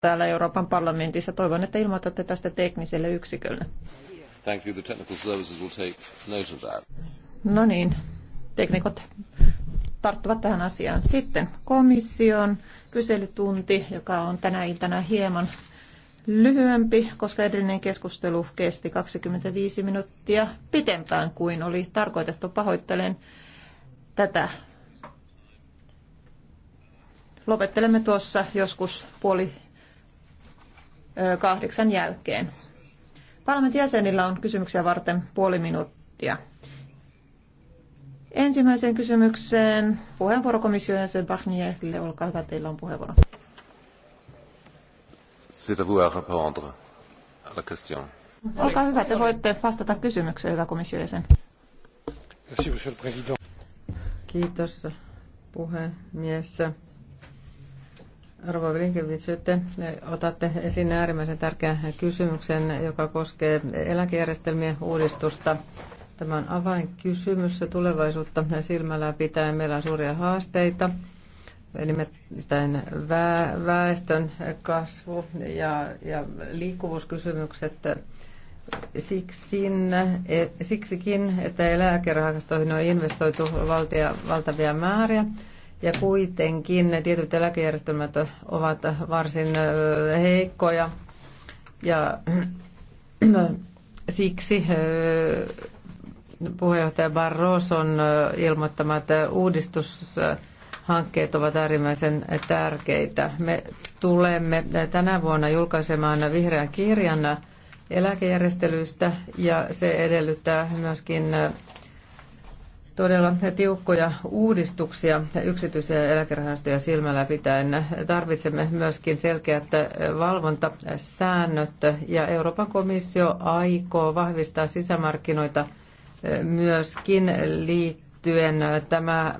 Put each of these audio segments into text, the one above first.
täällä Euroopan parlamentissa. Toivon, että ilmoitatte tästä tekniselle yksikölle. Thank you. The technical services will take note of that. No niin, teknikot tarttuvat tähän asiaan. Sitten komission kyselytunti, joka on tänä iltana hieman lyhyempi, koska edellinen keskustelu kesti 25 minuuttia pitempään kuin oli tarkoitettu. Pahoittelen tätä lopettelemme tuossa joskus puoli kahdeksan jälkeen. Parlamentin jäsenillä on kysymyksiä varten puoli minuuttia. Ensimmäiseen kysymykseen puheenvuorokomission jäsen Barnierille. Olkaa hyvä, teillä on puheenvuoro. C'est à vous à répondre à la question. Olkaa hyvä, te voitte vastata kysymykseen, hyvä komission jäsen. Merci, monsieur le président. Kiitos, puhemies. Arvo Vilinkevic, eh, otatte esiin äärimmäisen tärkeän kysymyksen, joka koskee eläkejärjestelmien uudistusta. Tämä on avainkysymys tulevaisuutta silmällä pitäen. Meillä on suuria haasteita, nimittäin väestön kasvu ja, ja liikkuvuuskysymykset siksin, e, siksikin, että eläkerahastoihin on investoitu valtia, valtavia määriä. Ja kuitenkin ne tietyt eläkejärjestelmät ovat varsin heikkoja ja siksi puheenjohtaja Barroson ilmoittamat uudistushankkeet ovat äärimmäisen tärkeitä. Me tulemme tänä vuonna julkaisemaan vihreän kirjan eläkejärjestelyistä ja se edellyttää myöskin todella tiukkoja uudistuksia yksityisiä eläkerahastoja silmällä pitäen. Tarvitsemme myöskin selkeät valvontasäännöt ja Euroopan komissio aikoo vahvistaa sisämarkkinoita myöskin liittyen tämä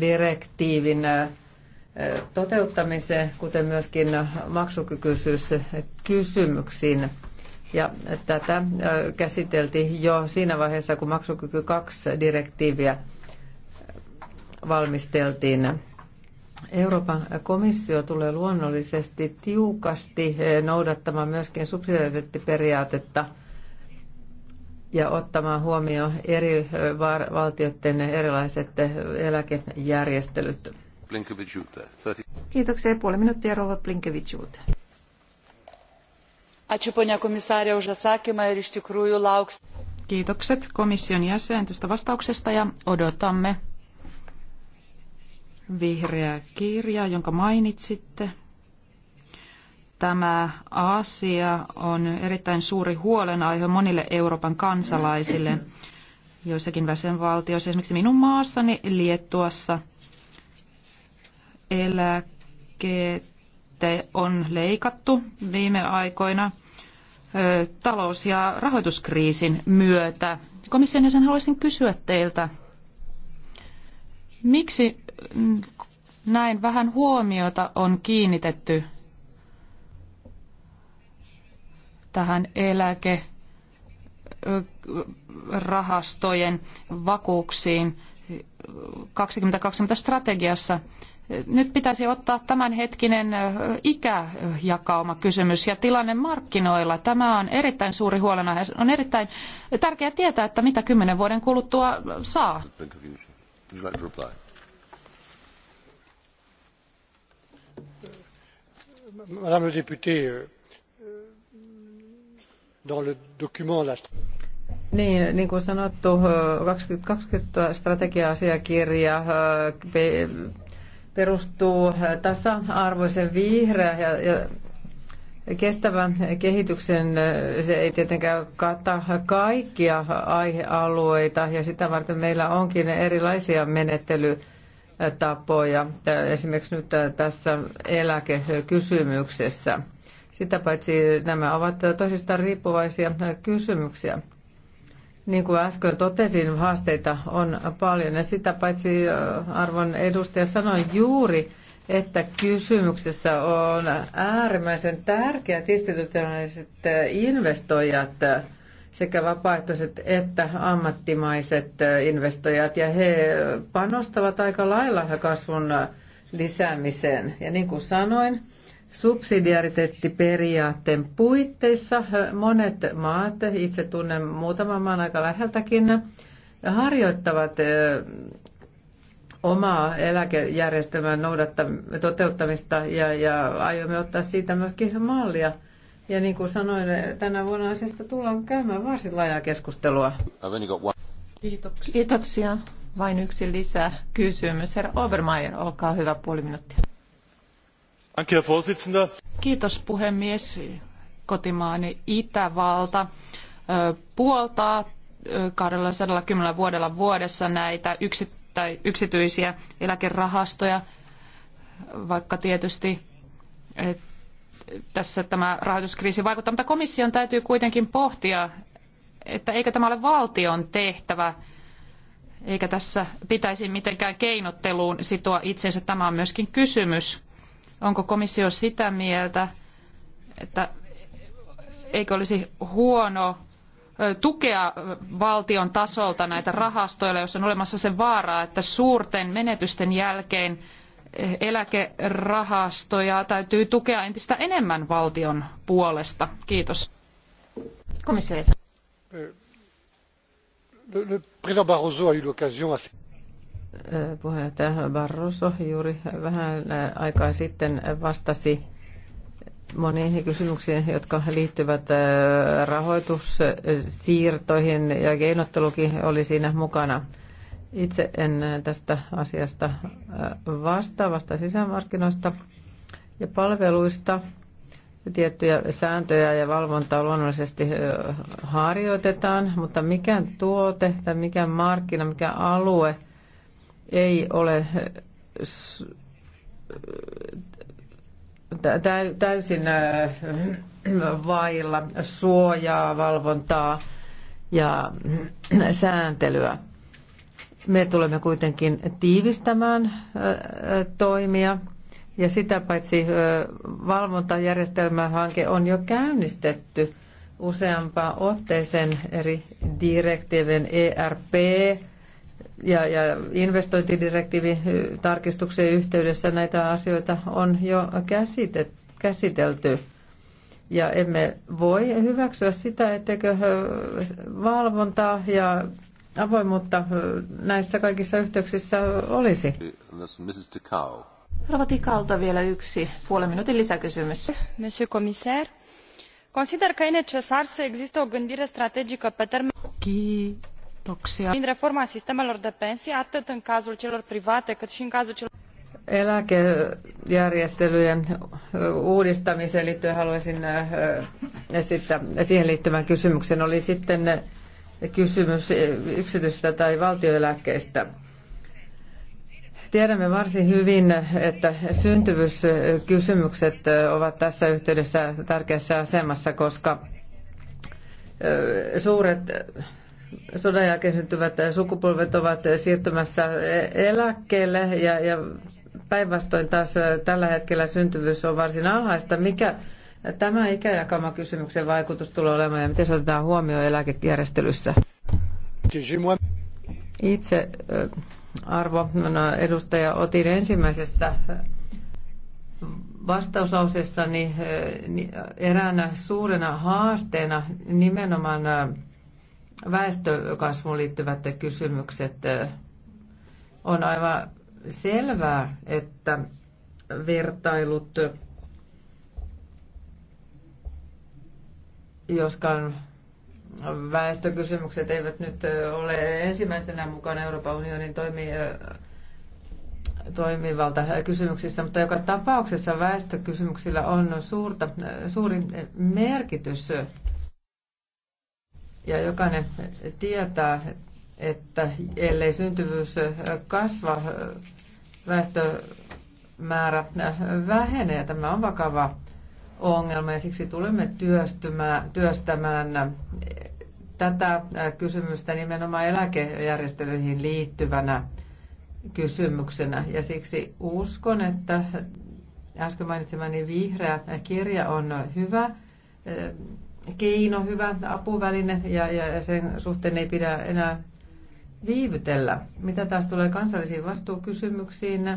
direktiivin toteuttamiseen, kuten myöskin maksukykyisyyskysymyksiin. kysymyksiin. Ja tätä käsiteltiin jo siinä vaiheessa, kun maksukyky 2 direktiiviä valmisteltiin. Euroopan komissio tulee luonnollisesti tiukasti noudattamaan myöskin subsidiariteettiperiaatetta ja ottamaan huomioon eri valtioiden erilaiset eläkejärjestelyt. Kiitoksia. Puoli minuuttia Rova Blinkevichuuteen. Ačiū ponia komisarė už atsakymą ir iš tikrųjų lauks. Kiitokset komission jäsen tästä vastauksesta ja odotamme vihreää kirjaa, jonka mainitsitte. Tämä asia on erittäin suuri huolenaihe monille Euroopan kansalaisille joissakin jäsenvaltioissa, esimerkiksi minun maassani Liettuassa eläkkeet on leikattu viime aikoina talous- ja rahoituskriisin myötä. Komission jäsen haluaisin kysyä teiltä, miksi näin vähän huomiota on kiinnitetty tähän eläkerahastojen vakuuksiin 2020 strategiassa nyt pitäisi ottaa tämänhetkinen ikäjakauma kysymys ja tilanne markkinoilla. Tämä on erittäin suuri huolenaihe. On erittäin tärkeää tietää, että mitä kymmenen vuoden kuluttua saa. Madame le député, euh, dans le document la... Niin, äh, niin kuin sanottu, 2020 äh, strategia-asiakirja äh, perustuu äh, tasa-arvoisen vihreä ja, ja kestävän kehityksen, äh, se ei tietenkään kata kaikkia aihealueita ja sitä varten meillä onkin erilaisia menettelytapoja, äh, esimerkiksi nyt tässä eläkekysymyksessä. Sitä paitsi nämä ovat toisistaan riippuvaisia kysymyksiä. Niin kuin äsken totesin, haasteita on paljon ja sitä paitsi arvon edustaja sanoi juuri, että kysymyksessä on äärimmäisen tärkeät institutionaaliset investoijat sekä vapaaehtoiset että ammattimaiset investoijat ja he panostavat aika lailla kasvun lisäämiseen. Ja niin kuin sanoin, subsidiariteettiperiaatteen puitteissa monet maat, itse tunnen muutaman maan aika läheltäkin, harjoittavat omaa eläkejärjestelmän toteuttamista ja, ja aiomme ottaa siitä myöskin mallia. Ja niin kuin sanoin, tänä vuonna asiasta tullaan käymään varsin laajaa keskustelua. Kiitoksia. Kiitoksia. Vain yksi lisää kysymys. Herra Obermeier, olkaa hyvä puoli minuuttia. Kiitos puhemies. Kotimaani Itävalta puoltaa 210 vuodella vuodessa näitä yksityisiä eläkerahastoja, vaikka tietysti tässä tämä rahoituskriisi vaikuttaa, mutta komission täytyy kuitenkin pohtia, että eikö tämä ole valtion tehtävä, eikä tässä pitäisi mitenkään keinotteluun sitoa itsensä. Tämä on myöskin kysymys Onko komissio sitä mieltä, että eikö olisi huono tukea valtion tasolta näitä rahastoja, jos on olemassa se vaara, että suurten menetysten jälkeen e, eläkerahastoja täytyy tukea entistä enemmän valtion puolesta. Kiitos. Komissio. Le, le puheenjohtaja Barroso juuri vähän aikaa sitten vastasi moniin kysymyksiin, jotka liittyvät rahoitussiirtoihin ja keinottelukin oli siinä mukana. Itse en tästä asiasta vastaa, vasta sisämarkkinoista ja palveluista. Tiettyjä sääntöjä ja valvontaa luonnollisesti harjoitetaan, mutta mikä tuote tai mikä markkina, mikä alue – ei ole täysin vailla suojaa, valvontaa ja sääntelyä. Me tulemme kuitenkin tiivistämään toimia ja sitä paitsi valvontajärjestelmähanke on jo käynnistetty useampaan otteeseen eri direktiivien ERP, ja, ja investointidirektiivi tarkistuksen yhteydessä näitä asioita on jo käsitelty. Ja emme voi hyväksyä sitä, etteikö valvontaa ja avoimuutta näissä kaikissa yhteyksissä olisi. Rouva Tikalta vielä yksi puolen minuutin lisäkysymys. Monsieur commissaire, consider că e necesar să există o gândire strategică pe termen... Kiitoksia. Reforma sistemelor de pensii, atât în cazul celor private, cât și în cazul celor eläkejärjestelyjen uh, uudistamiseen liittyen haluaisin uh, esittää siihen liittyvän kysymyksen. Oli sitten uh, kysymys yksityistä tai valtioeläkkeistä. Tiedämme varsin hyvin, että syntyvyyskysymykset ovat tässä yhteydessä tärkeässä asemassa, koska suuret sodan jälkeen syntyvät sukupolvet ovat siirtymässä eläkkeelle ja, ja päinvastoin taas tällä hetkellä syntyvyys on varsin alhaista. Mikä tämä ikäjakama kysymyksen vaikutus tulee olemaan ja miten se otetaan huomioon eläkejärjestelyssä? Itse arvo no, edustaja otin ensimmäisessä vastauslauseessani eräänä suurena haasteena nimenomaan väestökasvuun liittyvät kysymykset. On aivan selvää, että vertailut, joskaan väestökysymykset eivät nyt ole ensimmäisenä mukana Euroopan unionin toimi, toimivalta kysymyksissä, mutta joka tapauksessa väestökysymyksillä on suurta, suurin merkitys ja jokainen tietää, että ellei syntyvyys kasva, väestömäärä vähenee. Tämä on vakava ongelma ja siksi tulemme työstämään tätä kysymystä nimenomaan eläkejärjestelyihin liittyvänä kysymyksenä. Ja siksi uskon, että äsken mainitsemani vihreä kirja on hyvä keino, hyvä apuväline ja, ja sen suhteen ei pidä enää viivytellä. Mitä taas tulee kansallisiin vastuukysymyksiin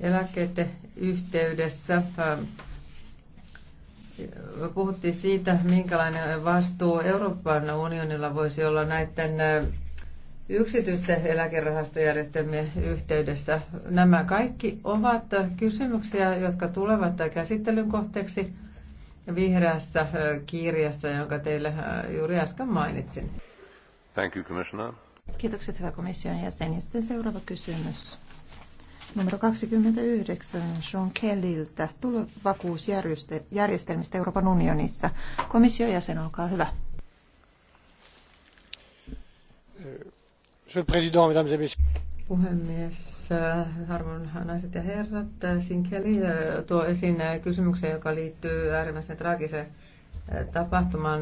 eläkkeiden yhteydessä? Äh, puhuttiin siitä, minkälainen vastuu Euroopan unionilla voisi olla näiden äh, yksityisten eläkerahastojärjestelmien yhteydessä. Nämä kaikki ovat kysymyksiä, jotka tulevat käsittelyn kohteeksi – vihreässä kirjassa, jonka teille juuri äsken mainitsin. Thank you, Commissioner. Kiitokset, hyvä komission jäsen. Ja sitten seuraava kysymys. Numero 29 Sean Kelliltä tulovakuusjärjestelmistä Euroopan unionissa. Komission jäsen, olkaa hyvä. Monsieur le Président, Mesdames et Messieurs puhemies, arvon naiset ja herrat. Sinkeli äh, tuo esiin äh, kysymyksen, joka liittyy äärimmäisen traagiseen äh, tapahtuman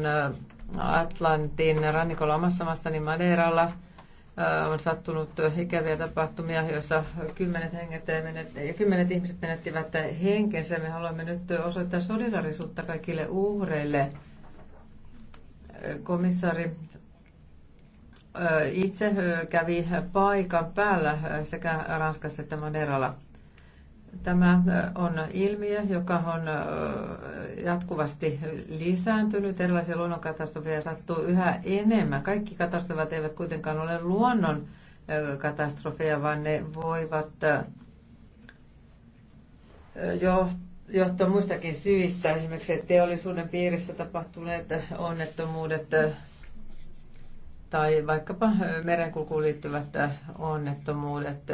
Atlantin rannikolla omassa maassani Madeiralla. On sattunut ikäviä tapahtumia, joissa kymmenet, henget ja kymmenet ihmiset menettivät henkensä. Me haluamme nyt osoittaa solidarisuutta kaikille uhreille. Komissaari itse kävi paikan päällä sekä Ranskassa että Maderalla. Tämä on ilmiö, joka on jatkuvasti lisääntynyt. Erilaisia luonnonkatastrofeja sattuu yhä enemmän. Kaikki katastrofit eivät kuitenkaan ole luonnon katastrofeja, vaan ne voivat johtua muistakin syistä. Esimerkiksi teollisuuden piirissä tapahtuneet onnettomuudet, tai vaikkapa merenkulkuun liittyvät onnettomuudet.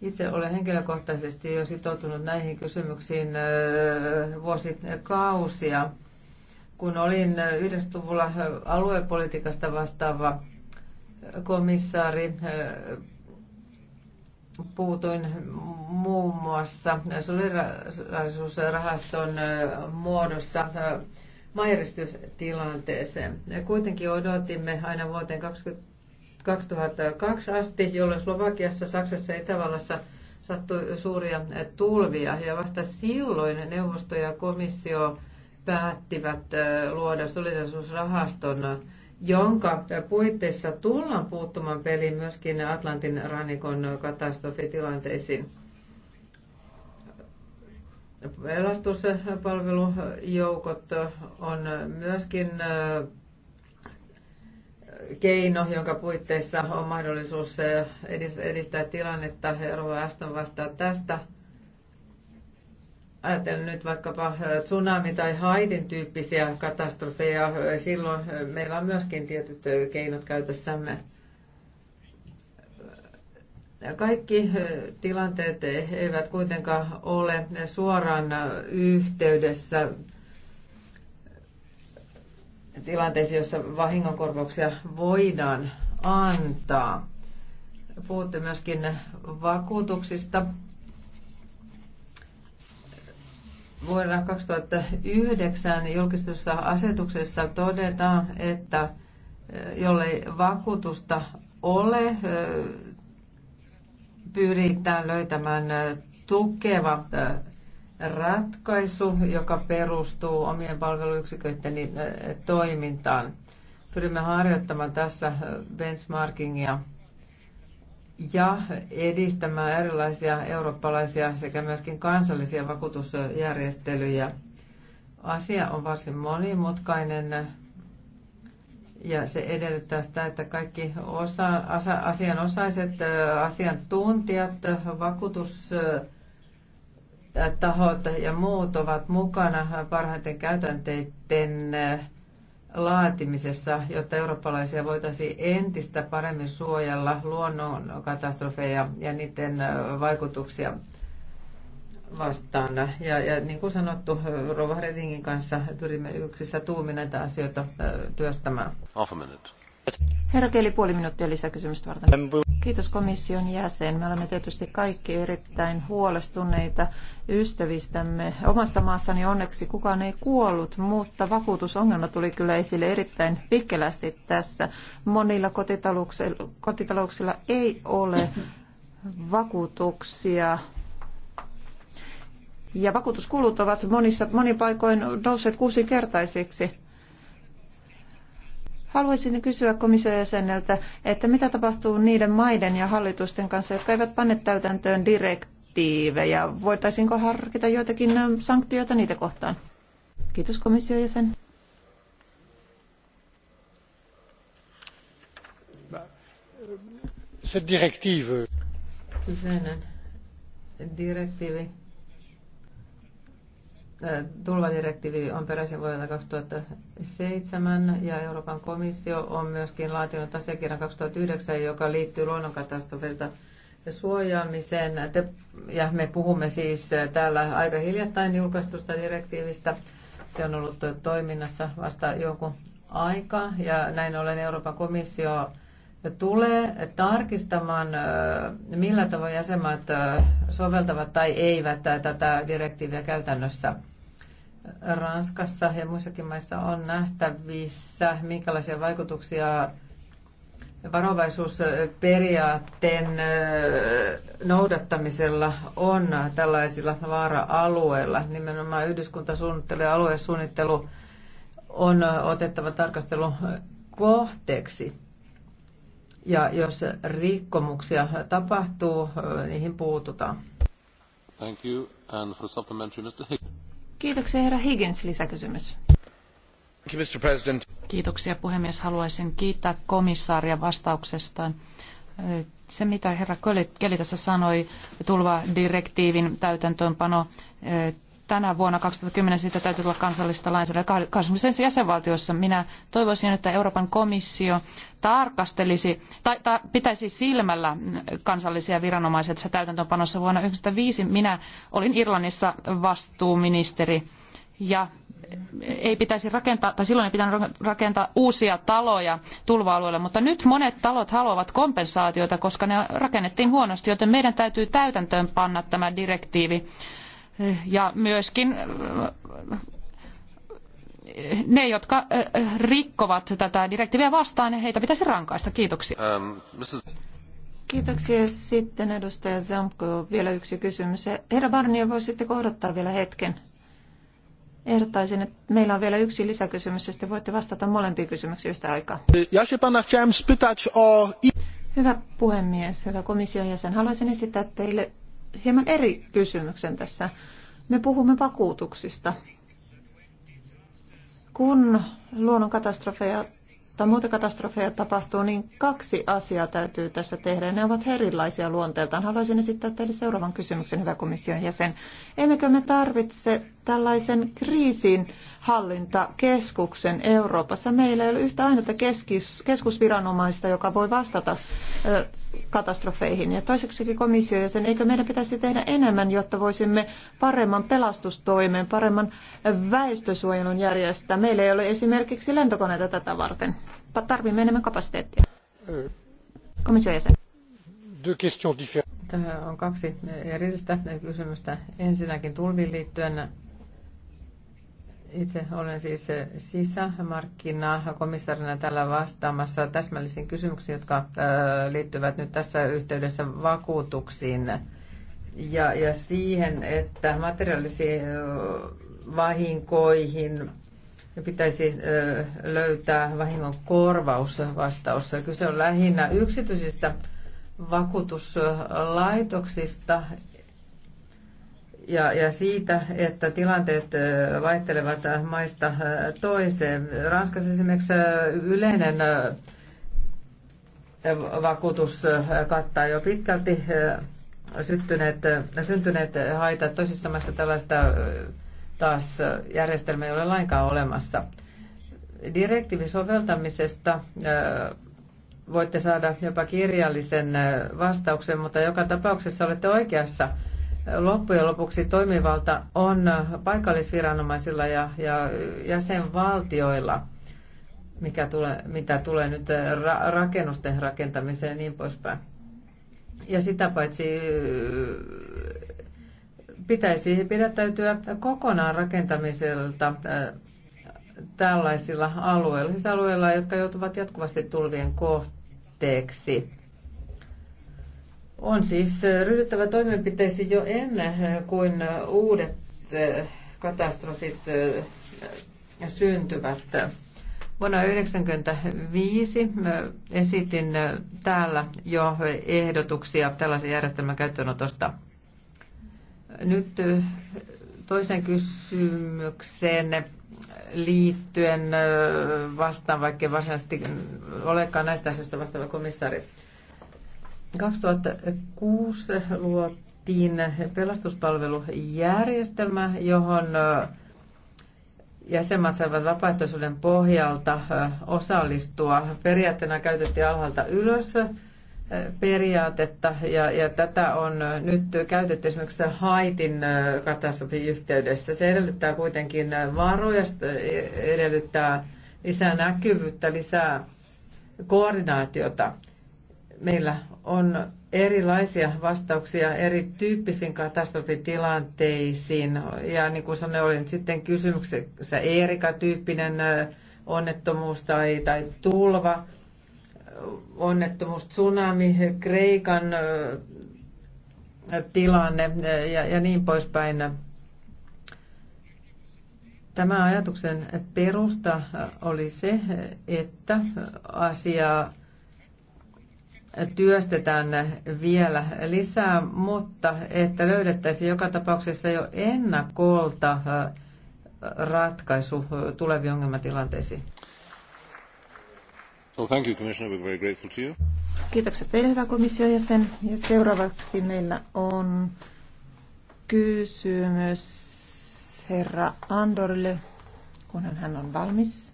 Itse olen henkilökohtaisesti jo sitoutunut näihin kysymyksiin vuosikausia. Kun olin 90-luvulla aluepolitiikasta vastaava komissaari, puutuin muun muassa solidarisuusrahaston muodossa mairistystilanteeseen. Kuitenkin odotimme aina vuoteen 20, 2002 asti, jolloin Slovakiassa, Saksassa ja Itävallassa sattui suuria tulvia. Ja vasta silloin neuvosto ja komissio päättivät luoda solidarisuusrahaston, jonka puitteissa tullaan puuttumaan peliin myöskin Atlantin rannikon katastrofitilanteisiin. Pelastuspalvelujoukot on myöskin keino, jonka puitteissa on mahdollisuus edistää tilannetta. Rova Aston vastaa tästä. Ajatellen nyt vaikkapa tsunami- tai haitin tyyppisiä katastrofeja, silloin meillä on myöskin tietyt keinot käytössämme. Kaikki eh, tilanteet eh, eivät kuitenkaan ole suoraan eh, yhteydessä tilanteisiin, joissa vahingonkorvauksia voidaan antaa. Puhutte myöskin vakuutuksista. Vuonna 2009 julkistussa asetuksessa todetaan, että jollei vakuutusta ole, pyritään löytämään tukeva ratkaisu, joka perustuu omien palveluyksiköiden toimintaan. Pyrimme harjoittamaan tässä benchmarkingia ja edistämään erilaisia eurooppalaisia sekä myöskin kansallisia vakuutusjärjestelyjä. Asia on varsin monimutkainen ja se edellyttää sitä, että kaikki osa, asa, asianosaiset, asiantuntijat, vakuutustahot ja muut ovat mukana parhaiten käytänteiden laatimisessa, jotta eurooppalaisia voitaisiin entistä paremmin suojella luonnonkatastrofeja ja niiden vaikutuksia vastaan. Ja, ja niin kuin sanottu, Rova Redingin kanssa pyrimme yksissä tuumi näitä asioita työstämään. Half a minute. Herra Keli, puoli minuuttia lisäkysymystä varten. Kiitos komission jäsen. Me olemme tietysti kaikki erittäin huolestuneita ystävistämme. Omassa maassani onneksi kukaan ei kuollut, mutta vakuutusongelma tuli kyllä esille erittäin pikkelästi tässä. Monilla kotitalouksilla, kotitalouksilla ei ole vakuutuksia ja vakuutuskulut ovat monissa, monin paikoin nousseet kuusinkertaisiksi. Haluaisin kysyä komission jäseneltä, että mitä tapahtuu niiden maiden ja hallitusten kanssa, jotka eivät panne täytäntöön direktiivejä? Voitaisiinko harkita joitakin sanktioita niitä kohtaan? Kiitos komission jäsen. Se euh, direktiivi. Kyseinen direktiivi tulvadirektiivi on peräisin vuodelta 2007 ja Euroopan komissio on myöskin laatinut asiakirjan 2009, joka liittyy luonnonkatastrofilta suojaamiseen. Te, ja me puhumme siis täällä aika hiljattain julkaistusta direktiivistä. Se on ollut toiminnassa vasta jonkun aikaa ja näin ollen Euroopan komissio tulee tarkistamaan, millä tavoin jäsenmaat soveltavat tai eivät tätä direktiiviä käytännössä. Ranskassa ja muissakin maissa on nähtävissä, minkälaisia vaikutuksia varovaisuusperiaatteen noudattamisella on tällaisilla vaara-alueilla. Nimenomaan yhdyskuntasuunnittelu ja aluesuunnittelu on otettava tarkastelun kohteeksi ja jos rikkomuksia tapahtuu, niihin puututaan. Thank you. And for supplementary, Mr. Higgins. Kiitoksia herra Higgins, lisäkysymys. Thank you, Mr. President. Kiitoksia puhemies. Haluaisin kiittää komissaaria vastauksestaan. Se, mitä herra Köli tässä sanoi, tulva direktiivin täytäntöönpano tänä vuonna 2010 siitä täytyy tulla kansallista lainsäädäntöä 21 jäsenvaltiossa. Minä toivoisin, että Euroopan komissio tarkastelisi tai, pitäisi silmällä kansallisia viranomaisia tässä täytäntöönpanossa vuonna 1995. Minä olin Irlannissa vastuuministeri ja ei pitäisi rakentaa, tai silloin ei pitänyt rakentaa uusia taloja tulva-alueelle, mutta nyt monet talot haluavat kompensaatiota, koska ne rakennettiin huonosti, joten meidän täytyy täytäntöön panna tämä direktiivi ja myöskin äh, ne, jotka äh, rikkovat tätä direktiiviä vastaan, niin heitä pitäisi rankaista. Kiitoksia. Ähm, Kiitoksia. Sitten edustaja Zamko, vielä yksi kysymys. Herra Barnia, voisitteko odottaa vielä hetken? Ehdottaisin, että meillä on vielä yksi lisäkysymys ja sitten voitte vastata molempiin kysymyksiin yhtä aikaa. Ja się pana Hyvä puhemies, hyvä komission jäsen. Haluaisin esittää teille hieman eri kysymyksen tässä. Me puhumme vakuutuksista. Kun luonnonkatastrofeja tai muuta katastrofeja tapahtuu, niin kaksi asiaa täytyy tässä tehdä. Ne ovat erilaisia luonteeltaan. Haluaisin esittää teille seuraavan kysymyksen, hyvä komission jäsen. Emmekö me tarvitse tällaisen kriisin hallintakeskuksen Euroopassa. Meillä ei ole yhtä ainoita keskis, keskusviranomaista, joka voi vastata ö, katastrofeihin. Ja toiseksikin komissio ja sen, eikö meidän pitäisi tehdä enemmän, jotta voisimme paremman pelastustoimen, paremman väestösuojelun järjestää. Meillä ei ole esimerkiksi lentokoneita tätä varten. Tarvimme enemmän kapasiteettia. Komission jäsen. Tämä on kaksi erillistä kysymystä. Ensinnäkin tulviin liittyen itse olen siis sisämarkkinakomissarina tällä vastaamassa täsmällisiin kysymyksiin, jotka äh, liittyvät nyt tässä yhteydessä vakuutuksiin ja, ja siihen, että materiaalisiin äh, vahinkoihin pitäisi äh, löytää vahingon korvausvastaus. Kyse on lähinnä yksityisistä vakuutuslaitoksista, ja, ja siitä, että tilanteet vaihtelevat äh, maista äh, toiseen. Ranskassa esimerkiksi äh, yleinen vakuutus kattaa jo pitkälti syttyneet, syntyneet haitat. Toisissa maissa tällaista taas järjestelmä ei ole lainkaan olemassa. Direktiivin soveltamisesta voitte saada jopa kirjallisen vastauksen, mutta joka tapauksessa olette oikeassa – loppujen lopuksi toimivalta on paikallisviranomaisilla ja, ja jäsenvaltioilla, mikä tule, mitä tulee nyt ra, rakennusten rakentamiseen ja niin poispäin. Ja sitä paitsi äh, pitäisi pidättäytyä kokonaan rakentamiselta äh, tällaisilla alueilla, siis alueilla, jotka joutuvat jatkuvasti tulvien kohteeksi. On siis äh, ryhdyttävä toimenpiteisiin jo ennen äh, kuin äh, uudet katastrofit syntyvät. Vuonna 1995 esitin täällä jo ehdotuksia tällaisen järjestelmän käyttöönotosta. Nyt toisen kysymykseen liittyen vastaan, vaikka varsinaisesti olekaan näistä asioista vastaava komissaari. 2006 luotiin pelastuspalvelujärjestelmä, johon jäsenmaat saivat vapaaehtoisuuden pohjalta osallistua. Periaatteena käytettiin alhaalta ylös periaatetta ja, ja tätä on nyt käytetty esimerkiksi Haitin katastrofin yhteydessä. Se edellyttää kuitenkin varoja, e, edellyttää lisää näkyvyyttä, lisää koordinaatiota meillä on erilaisia vastauksia eri tyyppisiin katastrofitilanteisiin. Ja niin kuin sanoin, oli nyt sitten kysymyksessä Erika-tyyppinen onnettomuus tai, tai tulva, onnettomuus, tsunami, Kreikan tilanne ja, ja niin poispäin. Tämä ajatuksen perusta oli se, että asiaa työstetään vielä lisää, mutta että löydettäisiin joka tapauksessa jo ennakolta ratkaisu tuleviin ongelmatilanteisiin. Well, thank you, Commissioner. We're very grateful to you. Kiitokset teille, hyvä komission jäsen. Ja seuraavaksi meillä on kysymys herra Andorille, kun hän on valmis.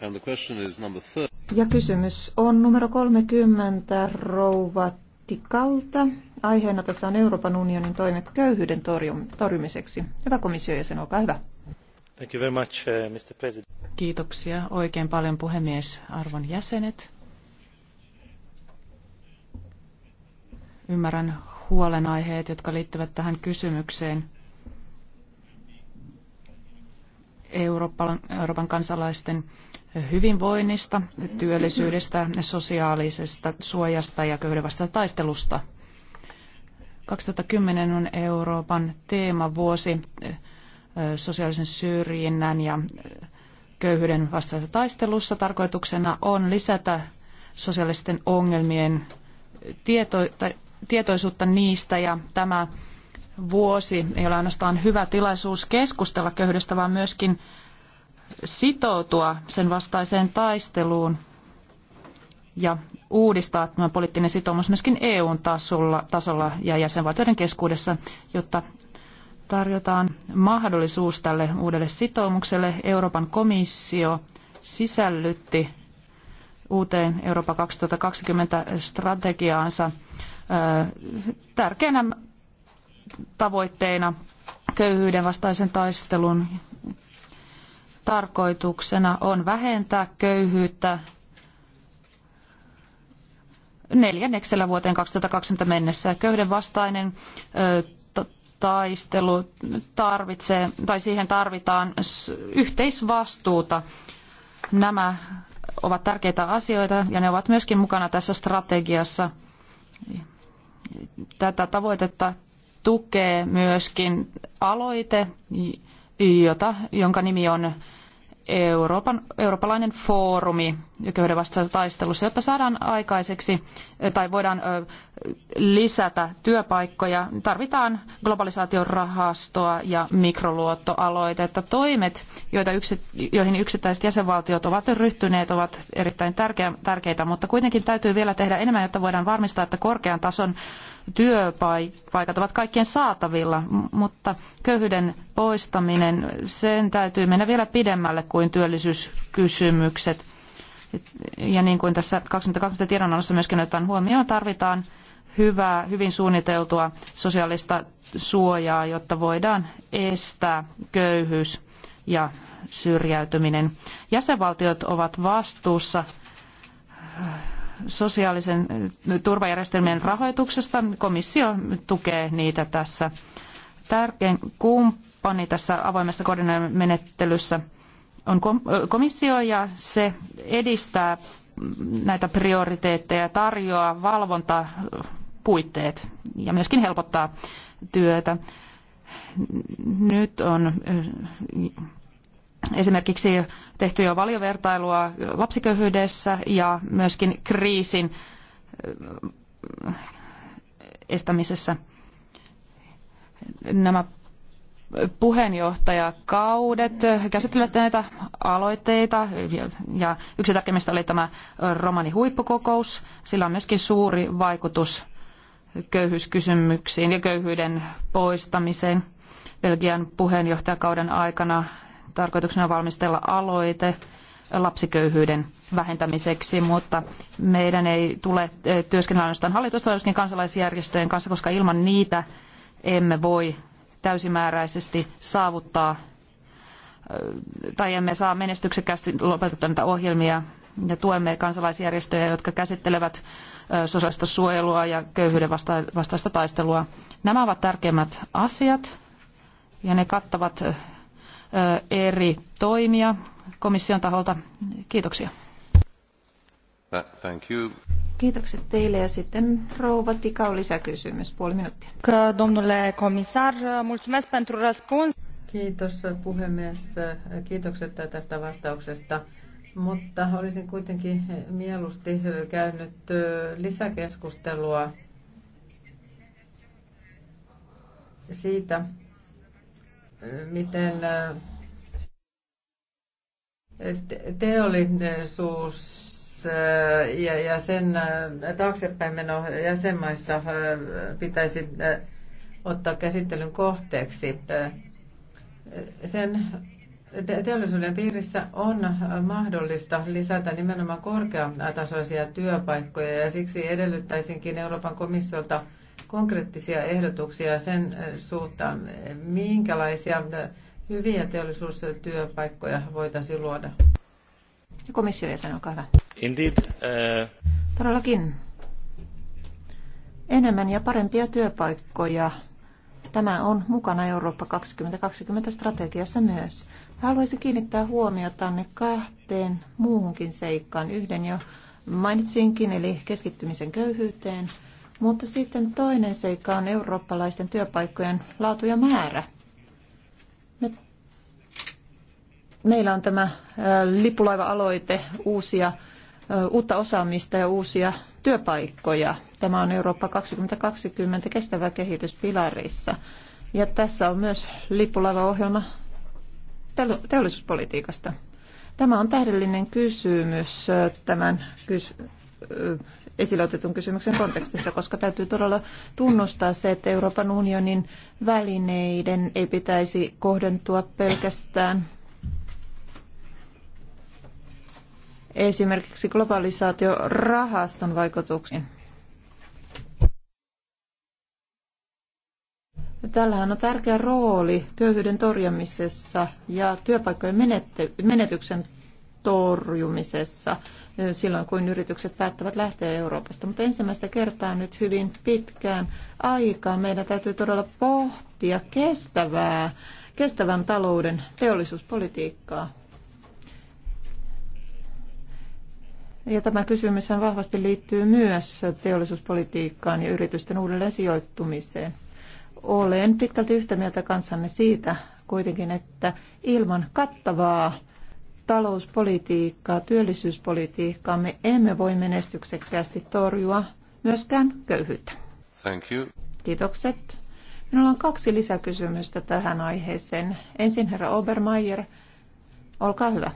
And the question is number ja kysymys on numero 30 rouva Tikalta. Aiheena tässä on Euroopan unionin toimet köyhyyden torjumiseksi. Hyvä komission jäsen, olkaa hyvä. Thank you very much, uh, Mr. President. Kiitoksia oikein paljon puhemies, arvon jäsenet. Ymmärrän huolenaiheet, jotka liittyvät tähän kysymykseen. Euroopan, Euroopan kansalaisten hyvinvoinnista, työllisyydestä, sosiaalisesta suojasta ja köyhdevästä taistelusta. 2010 on Euroopan teemavuosi sosiaalisen syrjinnän ja köyhyyden vastaisessa taistelussa. Tarkoituksena on lisätä sosiaalisten ongelmien tieto, tai, tietoisuutta niistä ja tämä vuosi ei ole ainoastaan hyvä tilaisuus keskustella köyhyydestä, vaan myöskin sitoutua sen vastaiseen taisteluun ja uudistaa tämä poliittinen sitoumus myöskin EUn tasolla, tasolla ja jäsenvaltioiden keskuudessa, jotta tarjotaan mahdollisuus tälle uudelle sitoumukselle. Euroopan komissio sisällytti uuteen Eurooppa 2020 strategiaansa tärkeänä tavoitteena köyhyyden vastaisen taistelun tarkoituksena on vähentää köyhyyttä neljänneksellä vuoteen 2020 mennessä. Köyden vastainen taistelu tarvitsee, tai siihen tarvitaan yhteisvastuuta. Nämä ovat tärkeitä asioita ja ne ovat myöskin mukana tässä strategiassa. Tätä tavoitetta tukee myöskin aloite, jota, jonka nimi on Euroopan, eurooppalainen foorumi köyhyyden vastaisessa taistelussa, jotta saadaan aikaiseksi eh, tai voidaan lisätä työpaikkoja. Tarvitaan globalisaation rahastoa ja mikroluottoaloitetta. Toimet, joita yksi, joihin yksittäiset jäsenvaltiot ovat ryhtyneet, ovat erittäin tärkeä, tärkeitä, mutta kuitenkin täytyy vielä tehdä enemmän, jotta voidaan varmistaa, että korkean tason työpaikat ovat kaikkien saatavilla, mutta köyhyyden poistaminen, sen täytyy mennä vielä pidemmälle kuin työllisyyskysymykset ja niin kuin tässä 2020 tiedonannossa myöskin otetaan huomioon, tarvitaan hyvää, hyvin suunniteltua sosiaalista suojaa, jotta voidaan estää köyhyys ja syrjäytyminen. Jäsenvaltiot ovat vastuussa äh, sosiaalisen äh, turvajärjestelmien rahoituksesta. Komissio tukee niitä tässä. Tärkein kumppani tässä avoimessa koordinaatiomenettelyssä on komissio ja se edistää näitä prioriteetteja, tarjoaa valvontapuitteet ja myöskin helpottaa työtä. Nyt on esimerkiksi tehty jo valiovertailua lapsiköyhyydessä ja myöskin kriisin estämisessä. Nämä puheenjohtajakaudet käsittelevät näitä aloitteita ja yksi tärkeimmistä oli tämä romani huippukokous. Sillä on myöskin suuri vaikutus köyhyyskysymyksiin ja köyhyyden poistamiseen. Belgian puheenjohtajakauden aikana tarkoituksena on valmistella aloite lapsiköyhyyden vähentämiseksi, mutta meidän ei tule eh, työskennellä ainoastaan hallitusten, kansalaisjärjestöjen kanssa, koska ilman niitä emme voi täysimääräisesti saavuttaa tai emme saa menestyksekkäästi lopetettua näitä ohjelmia ja tuemme kansalaisjärjestöjä, jotka käsittelevät sosiaalista suojelua ja köyhyyden vastaista taistelua. Nämä ovat tärkeimmät asiat ja ne kattavat eri toimia komission taholta. Kiitoksia. Thank you. Kiitokset teille ja sitten rouva Tikau lisäkysymys, puoli minuuttia. Domnule komissar, mulțumesc pentru răspuns. Kiitos puhemies. Kiitokset tästä vastauksesta. Mutta olisin kuitenkin mieluusti käynyt lisäkeskustelua siitä, miten teollisuus ja, ja sen taaksepäin meno jäsenmaissa pitäisi ottaa käsittelyn kohteeksi. Sen teollisuuden piirissä on mahdollista lisätä nimenomaan korkeatasoisia työpaikkoja ja siksi edellyttäisinkin Euroopan komissiolta konkreettisia ehdotuksia sen suuntaan, minkälaisia hyviä teollisuustyöpaikkoja voitaisiin luoda. Komissio jäsen, olkaa hyvä. Indeed. Eh, Todellakin. Enemmän ja parempia työpaikkoja. Tämä on mukana Eurooppa 2020 strategiassa myös. Haluaisin kiinnittää huomiota ne kahteen muuhunkin seikkaan. Yhden jo mainitsinkin, eli keskittymisen köyhyyteen. Mutta sitten toinen seikka on eurooppalaisten työpaikkojen laatu ja määrä. meillä on tämä lippulaiva-aloite uusia, uutta osaamista ja uusia työpaikkoja. Tämä on Eurooppa 2020 kestävä kehitys pilarissa. Ja tässä on myös ohjelma teollisuuspolitiikasta. Tämä on tähdellinen kysymys tämän kys- esille otetun kysymyksen kontekstissa, koska täytyy todella tunnustaa se, että Euroopan unionin välineiden ei pitäisi kohdentua pelkästään esimerkiksi globalisaatiorahaston vaikutuksiin. Tällähän on tärkeä rooli köyhyyden torjumisessa ja työpaikkojen menetyksen torjumisessa silloin, kun yritykset päättävät lähteä Euroopasta. Mutta ensimmäistä kertaa nyt hyvin pitkään aikaa meidän täytyy todella pohtia kestävää kestävän talouden teollisuuspolitiikkaa. Ja tämä kysymys vahvasti liittyy myös teollisuuspolitiikkaan ja yritysten uudelleen sijoittumiseen. Olen pitkälti yhtä mieltä kanssanne siitä kuitenkin, että ilman kattavaa talouspolitiikkaa, työllisyyspolitiikkaa me emme voi menestyksekkäästi torjua myöskään köyhyyttä. Thank you. Kiitokset. Minulla on kaksi lisäkysymystä tähän aiheeseen. Ensin herra Obermeier, olkaa hyvä.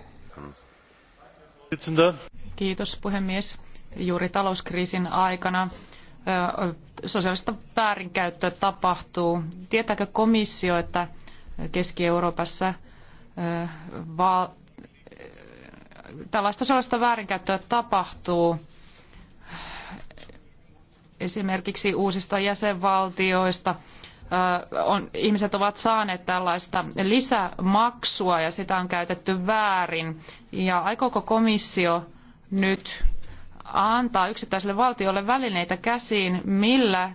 Kiitos puhemies. Juuri talouskriisin aikana sosiaalista väärinkäyttöä tapahtuu. Tietääkö komissio, että Keski-Euroopassa tällaista sosiaalista väärinkäyttöä tapahtuu esimerkiksi uusista jäsenvaltioista – on, ihmiset ovat saaneet tällaista lisämaksua ja sitä on käytetty väärin. Ja aikooko komissio nyt antaa yksittäiselle valtiolle välineitä käsiin, millä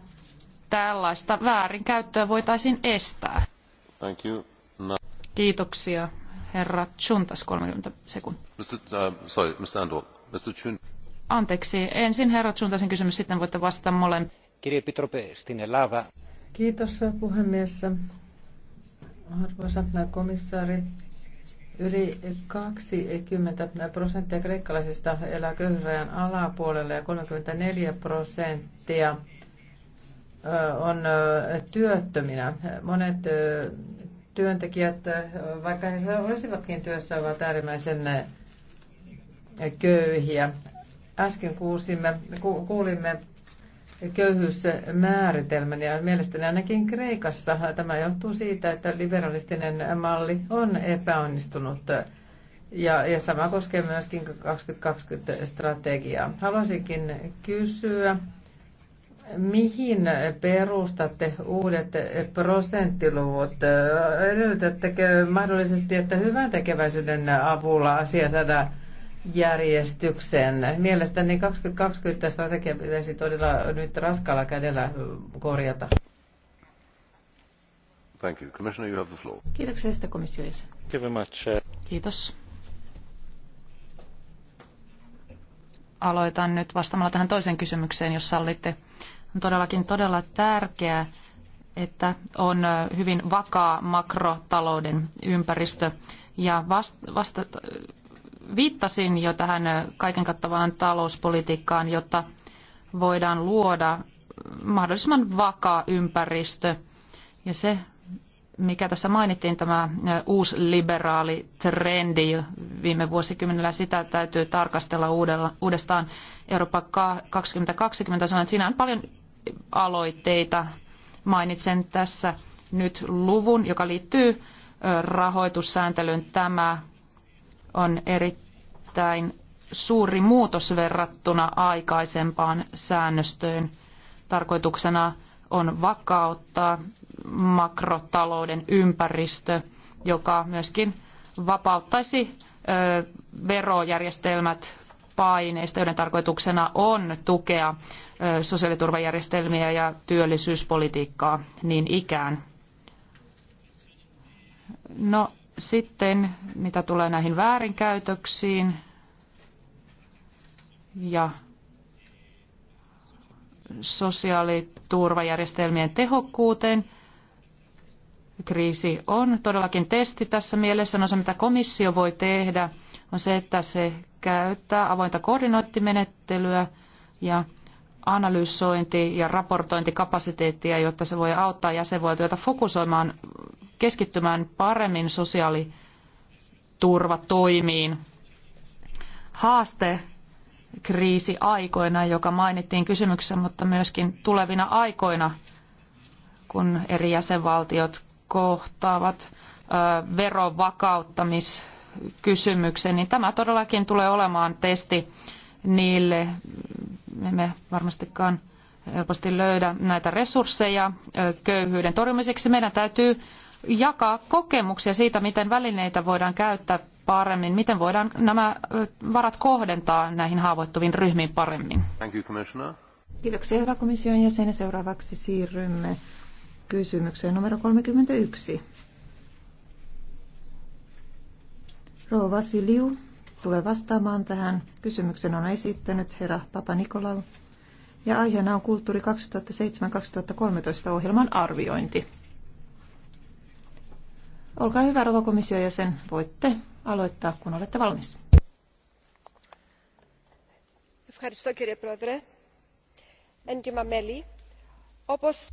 tällaista väärinkäyttöä voitaisiin estää? Thank you. No. Kiitoksia. Herra Chuntas, 30 sekuntia. Mr. Uh, sorry, Mr. Andor. Mr. Chun. Anteeksi. Ensin herra Chuntasin kysymys, sitten voitte vastata molemmille. Kirje Pitrope, Stinelava. Kiitos puhemies. Arvoisa komissaari, Yli 20 prosenttia kreikkalaisista elää köyhyysrajan alapuolella ja 34 prosenttia on työttöminä. Monet työntekijät, vaikka he olisivatkin työssä, ovat äärimmäisen köyhiä. Äsken kuusimme, ku, kuulimme köyhyysmääritelmän ja mielestäni ainakin Kreikassa tämä johtuu siitä, että liberalistinen malli on epäonnistunut ja, ja sama koskee myöskin 2020-strategiaa. Haluaisinkin kysyä, mihin perustatte uudet prosenttiluvut? Edellytettekö mahdollisesti, että hyvän tekeväisyyden avulla asia saadaan järjestyksen. Mielestäni 2020 strategia pitäisi todella nyt raskalla kädellä korjata. Thank you. Commissioner, you have the floor. Kiitoksia sitä komission jäsen. Uh, Kiitos. Aloitan nyt vastaamalla tähän toiseen kysymykseen, jos sallitte. On todellakin todella tärkeää, että on uh, hyvin vakaa makrotalouden ympäristö ja vasta, vasta viittasin jo tähän kaiken kattavaan talouspolitiikkaan, jotta voidaan luoda mahdollisimman vakaa ympäristö. Ja se, mikä tässä mainittiin, tämä uusi liberaali trendi viime vuosikymmenellä, sitä täytyy tarkastella uudestaan Eurooppa 2020. Sanoin, että siinä on paljon aloitteita. Mainitsen tässä nyt luvun, joka liittyy rahoitussääntelyyn. tämä on erittäin suuri muutos verrattuna aikaisempaan säännöstöön. Tarkoituksena on vakauttaa makrotalouden ympäristö, joka myöskin vapauttaisi verojärjestelmät paineista, joiden tarkoituksena on tukea sosiaaliturvajärjestelmiä ja työllisyyspolitiikkaa niin ikään. No, sitten mitä tulee näihin väärinkäytöksiin ja sosiaaliturvajärjestelmien tehokkuuteen, kriisi on todellakin testi tässä mielessä. No se, mitä komissio voi tehdä, on se, että se käyttää avointa koordinointimenettelyä ja analysointi- ja raportointikapasiteettia, jotta se voi auttaa jäsenvaltioita fokusoimaan keskittymään paremmin sosiaaliturvatoimiin. Haaste kriisi aikoina, joka mainittiin kysymyksessä, mutta myöskin tulevina aikoina, kun eri jäsenvaltiot kohtaavat verovakauttamiskysymyksen, niin tämä todellakin tulee olemaan testi niille. Me emme varmastikaan helposti löydä näitä resursseja köyhyyden torjumiseksi. Meidän täytyy jakaa kokemuksia siitä, miten välineitä voidaan käyttää paremmin, miten voidaan nämä varat kohdentaa näihin haavoittuviin ryhmiin paremmin. Thank you, Kiitoksia, hyvä komission jäsen. Seuraavaksi siirrymme kysymykseen numero 31. Rouva Vasiliu tulee vastaamaan tähän. Kysymyksen on esittänyt herra Papa Nikolau. Ja aiheena on kulttuuri 2007-2013 ohjelman arviointi. Olkaa hyvä, rouva komission jäsen. Voitte aloittaa, kun olette valmis. Ευχαριστώ κύριε Πρόεδρε. Έντιμα μέλη. Όπως...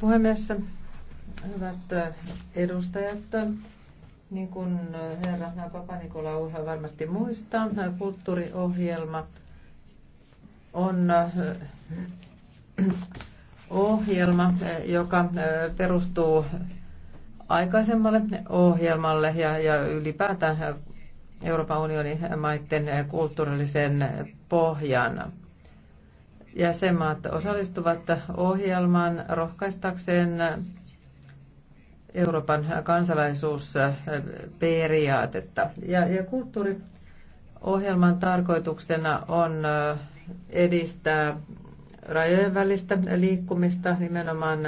Puhemies, hyvät edustajat, niin kuin herra Papanikolaou varmasti muistaa, kulttuuriohjelma on ohjelma, joka perustuu aikaisemmalle ohjelmalle ja, ja ylipäätään Euroopan unionin maiden kulttuurillisen pohjan. Jäsenmaat osallistuvat ohjelmaan rohkaistakseen Euroopan kansalaisuusperiaatetta. Ja, ja kulttuuriohjelman tarkoituksena on edistää rajojen välistä liikkumista nimenomaan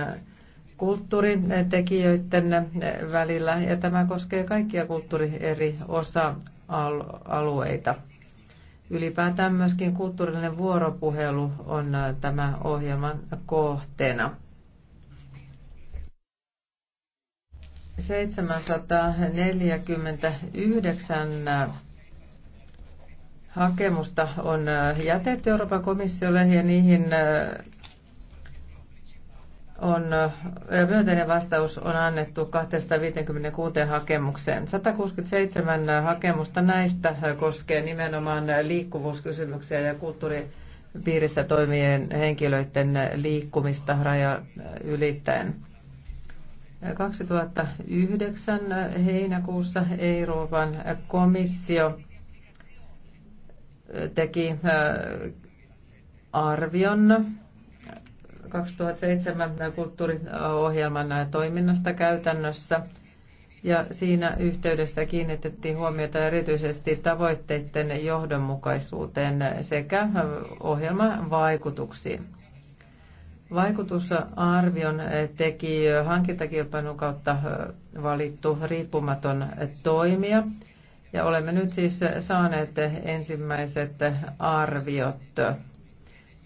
kulttuuritekijöiden eh, välillä ja tämä koskee kaikkia kulttuuri eri osa-alueita. Ylipäätään myöskin kulttuurinen vuoropuhelu on eh, tämä ohjelman kohteena. 749 eh, hakemusta on jätetty Euroopan komissiolle ja niihin on, myönteinen vastaus on annettu 256 hakemukseen. 167 hakemusta näistä koskee nimenomaan liikkuvuuskysymyksiä ja kulttuuripiiristä toimien henkilöiden liikkumista raja ylittäen. 2009 heinäkuussa Euroopan komissio teki arvion 2007 kulttuuriohjelman toiminnasta käytännössä. Ja siinä yhteydessä kiinnitettiin huomiota erityisesti tavoitteiden johdonmukaisuuteen sekä ohjelman vaikutuksiin. Vaikutusarvion teki hankintakilpailun kautta valittu riippumaton toimija. Ja olemme nyt siis saaneet ensimmäiset arviot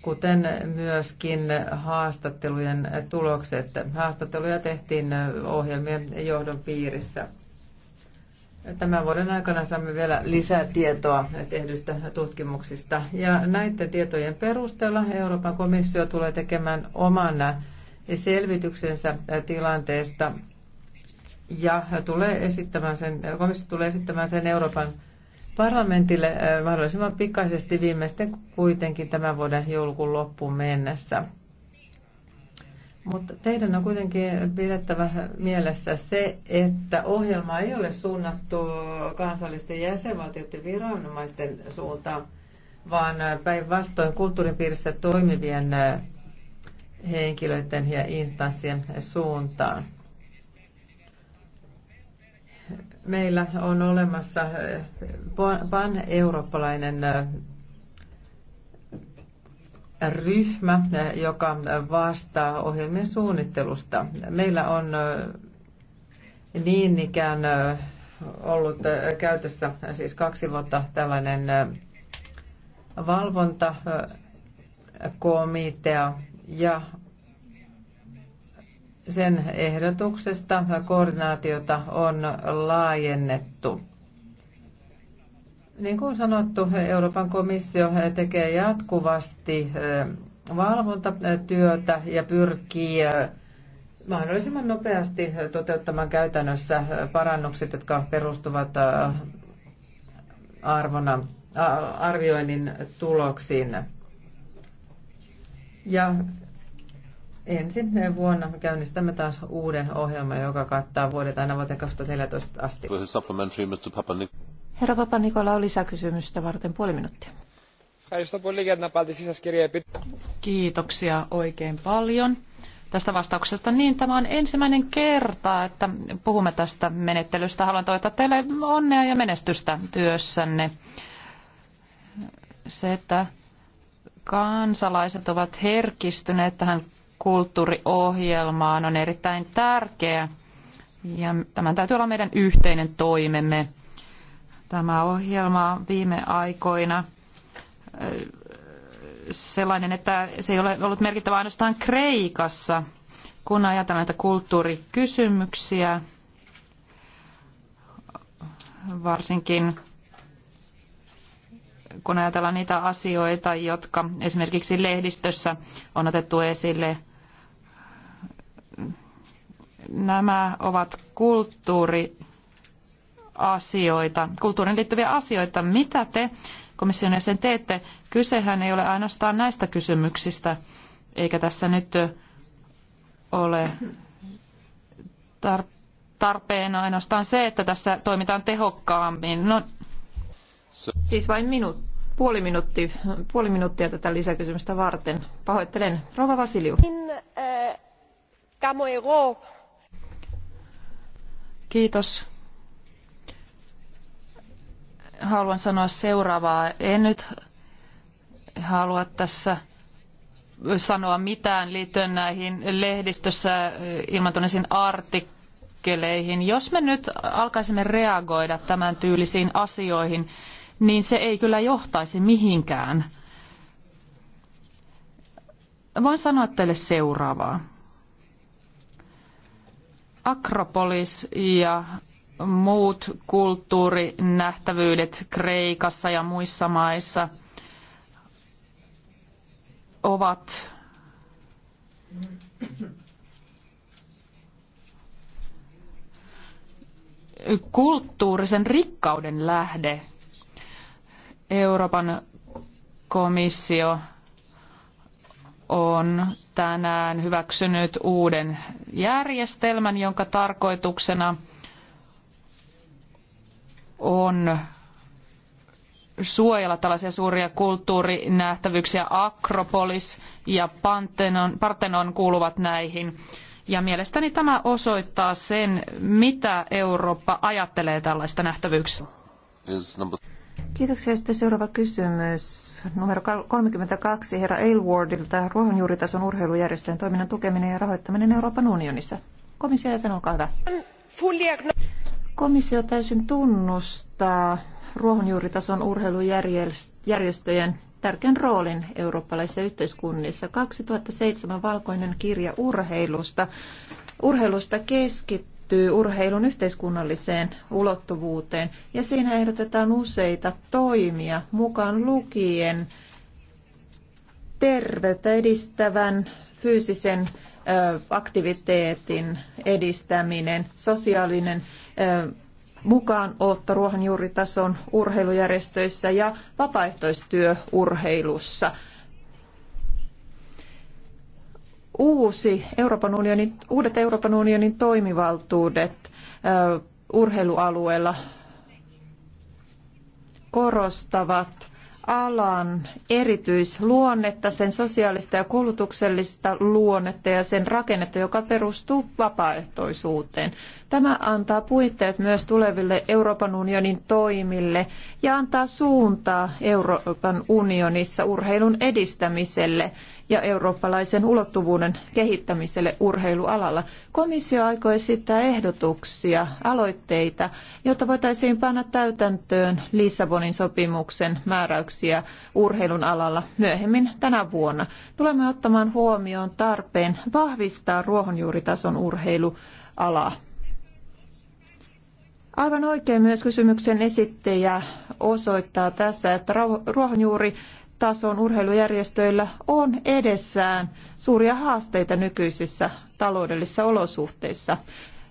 kuten myöskin haastattelujen tulokset. Haastatteluja tehtiin ohjelmien johdon piirissä. Tämän vuoden aikana saamme vielä lisää tietoa tehdyistä tutkimuksista. Ja näiden tietojen perusteella Euroopan komissio tulee tekemään oman selvityksensä tilanteesta ja tulee esittämään sen, komissio tulee esittämään sen Euroopan parlamentille äh, mahdollisimman pikaisesti viimeisten kuitenkin tämän vuoden joulukuun loppuun mennessä. Mutta teidän on kuitenkin pidettävä mielessä se, että ohjelma ei ole suunnattu kansallisten jäsenvaltioiden viranomaisten suuntaan, vaan päinvastoin kulttuuripiirissä toimivien äh, henkilöiden ja instanssien suuntaan meillä on olemassa eh, pan-eurooppalainen eh, ryhmä, eh, joka vastaa ohjelmien suunnittelusta. Meillä on niin ikään ollut käytössä siis kaksi vuotta tällainen valvontakomitea ja sen ehdotuksesta koordinaatiota on laajennettu. Niin kuin sanottu, Euroopan komissio tekee jatkuvasti eh, valvontatyötä ja pyrkii eh, mahdollisimman nopeasti toteuttamaan käytännössä eh, parannukset, jotka perustuvat arvona, arvioinnin tuloksiin. Ja Ensi vuonna käynnistämme taas uuden ohjelman, joka kattaa vuodet aina vuoteen 2014 asti. Herra Papa Nikola on lisäkysymystä varten puoli minuuttia. Kiitoksia oikein paljon tästä vastauksesta. Niin, tämä on ensimmäinen kerta, että puhumme tästä menettelystä. Haluan toivottaa teille onnea ja menestystä työssänne. Se, että kansalaiset ovat herkistyneet tähän kulttuuriohjelmaan on erittäin tärkeä ja tämän täytyy olla meidän yhteinen toimemme. Tämä ohjelma viime aikoina sellainen, että se ei ole ollut merkittävä ainoastaan Kreikassa, kun ajatellaan näitä kulttuurikysymyksiä, varsinkin kun ajatellaan niitä asioita, jotka esimerkiksi lehdistössä on otettu esille – nämä ovat kulttuuriasioita, kulttuuriin liittyviä asioita. Mitä te komission jäsen teette? Kysehän ei ole ainoastaan näistä kysymyksistä, eikä tässä nyt ole tarpeen ainoastaan se, että tässä toimitaan tehokkaammin. No. Siis vain minuutti puoli, minuutti, puoli minuuttia tätä lisäkysymystä varten. Pahoittelen. Rova Vasiliu. In, uh... Kiitos. Haluan sanoa seuraavaa. En nyt halua tässä sanoa mitään liittyen näihin lehdistössä ilmaantuneisiin artikkeleihin. Jos me nyt alkaisimme reagoida tämän tyylisiin asioihin, niin se ei kyllä johtaisi mihinkään. Voin sanoa teille seuraavaa. Akropolis ja muut kulttuurinähtävyydet Kreikassa ja muissa maissa ovat kulttuurisen rikkauden lähde. Euroopan komissio on tänään hyväksynyt uuden järjestelmän, jonka tarkoituksena on suojella tällaisia suuria kulttuurinähtävyyksiä. Akropolis ja Panthenon, Parthenon kuuluvat näihin. Ja mielestäni tämä osoittaa sen, mitä Eurooppa ajattelee tällaista nähtävyyksistä. Kiitoksia. Sitten seuraava kysymys. Numero 32 herra Aylwardilta. Ruohonjuuritason urheilujärjestöjen toiminnan tukeminen ja rahoittaminen Euroopan unionissa. Komissio jäsen, olkaa hyvä. Komissio täysin tunnustaa ruohonjuuritason urheilujärjestöjen tärkeän roolin eurooppalaisissa yhteiskunnissa. 2007 valkoinen kirja urheilusta, urheilusta keskittyy liittyy urheilun yhteiskunnalliseen ulottuvuuteen ja siinä ehdotetaan useita toimia mukaan lukien terveyttä edistävän fyysisen aktiviteetin edistäminen, sosiaalinen mukaanotto ruohonjuuritason urheilujärjestöissä ja vapaaehtoistyö urheilussa. uusi Euroopan unionin, uudet Euroopan unionin toimivaltuudet urheilualueella korostavat alan erityisluonnetta, sen sosiaalista ja koulutuksellista luonnetta ja sen rakennetta, joka perustuu vapaaehtoisuuteen. Tämä antaa puitteet myös tuleville Euroopan unionin toimille ja antaa suuntaa Euroopan unionissa urheilun edistämiselle ja eurooppalaisen ulottuvuuden kehittämiselle urheilualalla. Komissio aikoi esittää ehdotuksia, aloitteita, jotta voitaisiin panna täytäntöön Lissabonin sopimuksen määräyksiä urheilun alalla myöhemmin tänä vuonna. Tulemme ottamaan huomioon tarpeen vahvistaa ruohonjuuritason urheilualaa. Aivan oikein myös kysymyksen esittäjä osoittaa tässä, että ruohonjuuritason urheilujärjestöillä on edessään suuria haasteita nykyisissä taloudellisissa olosuhteissa.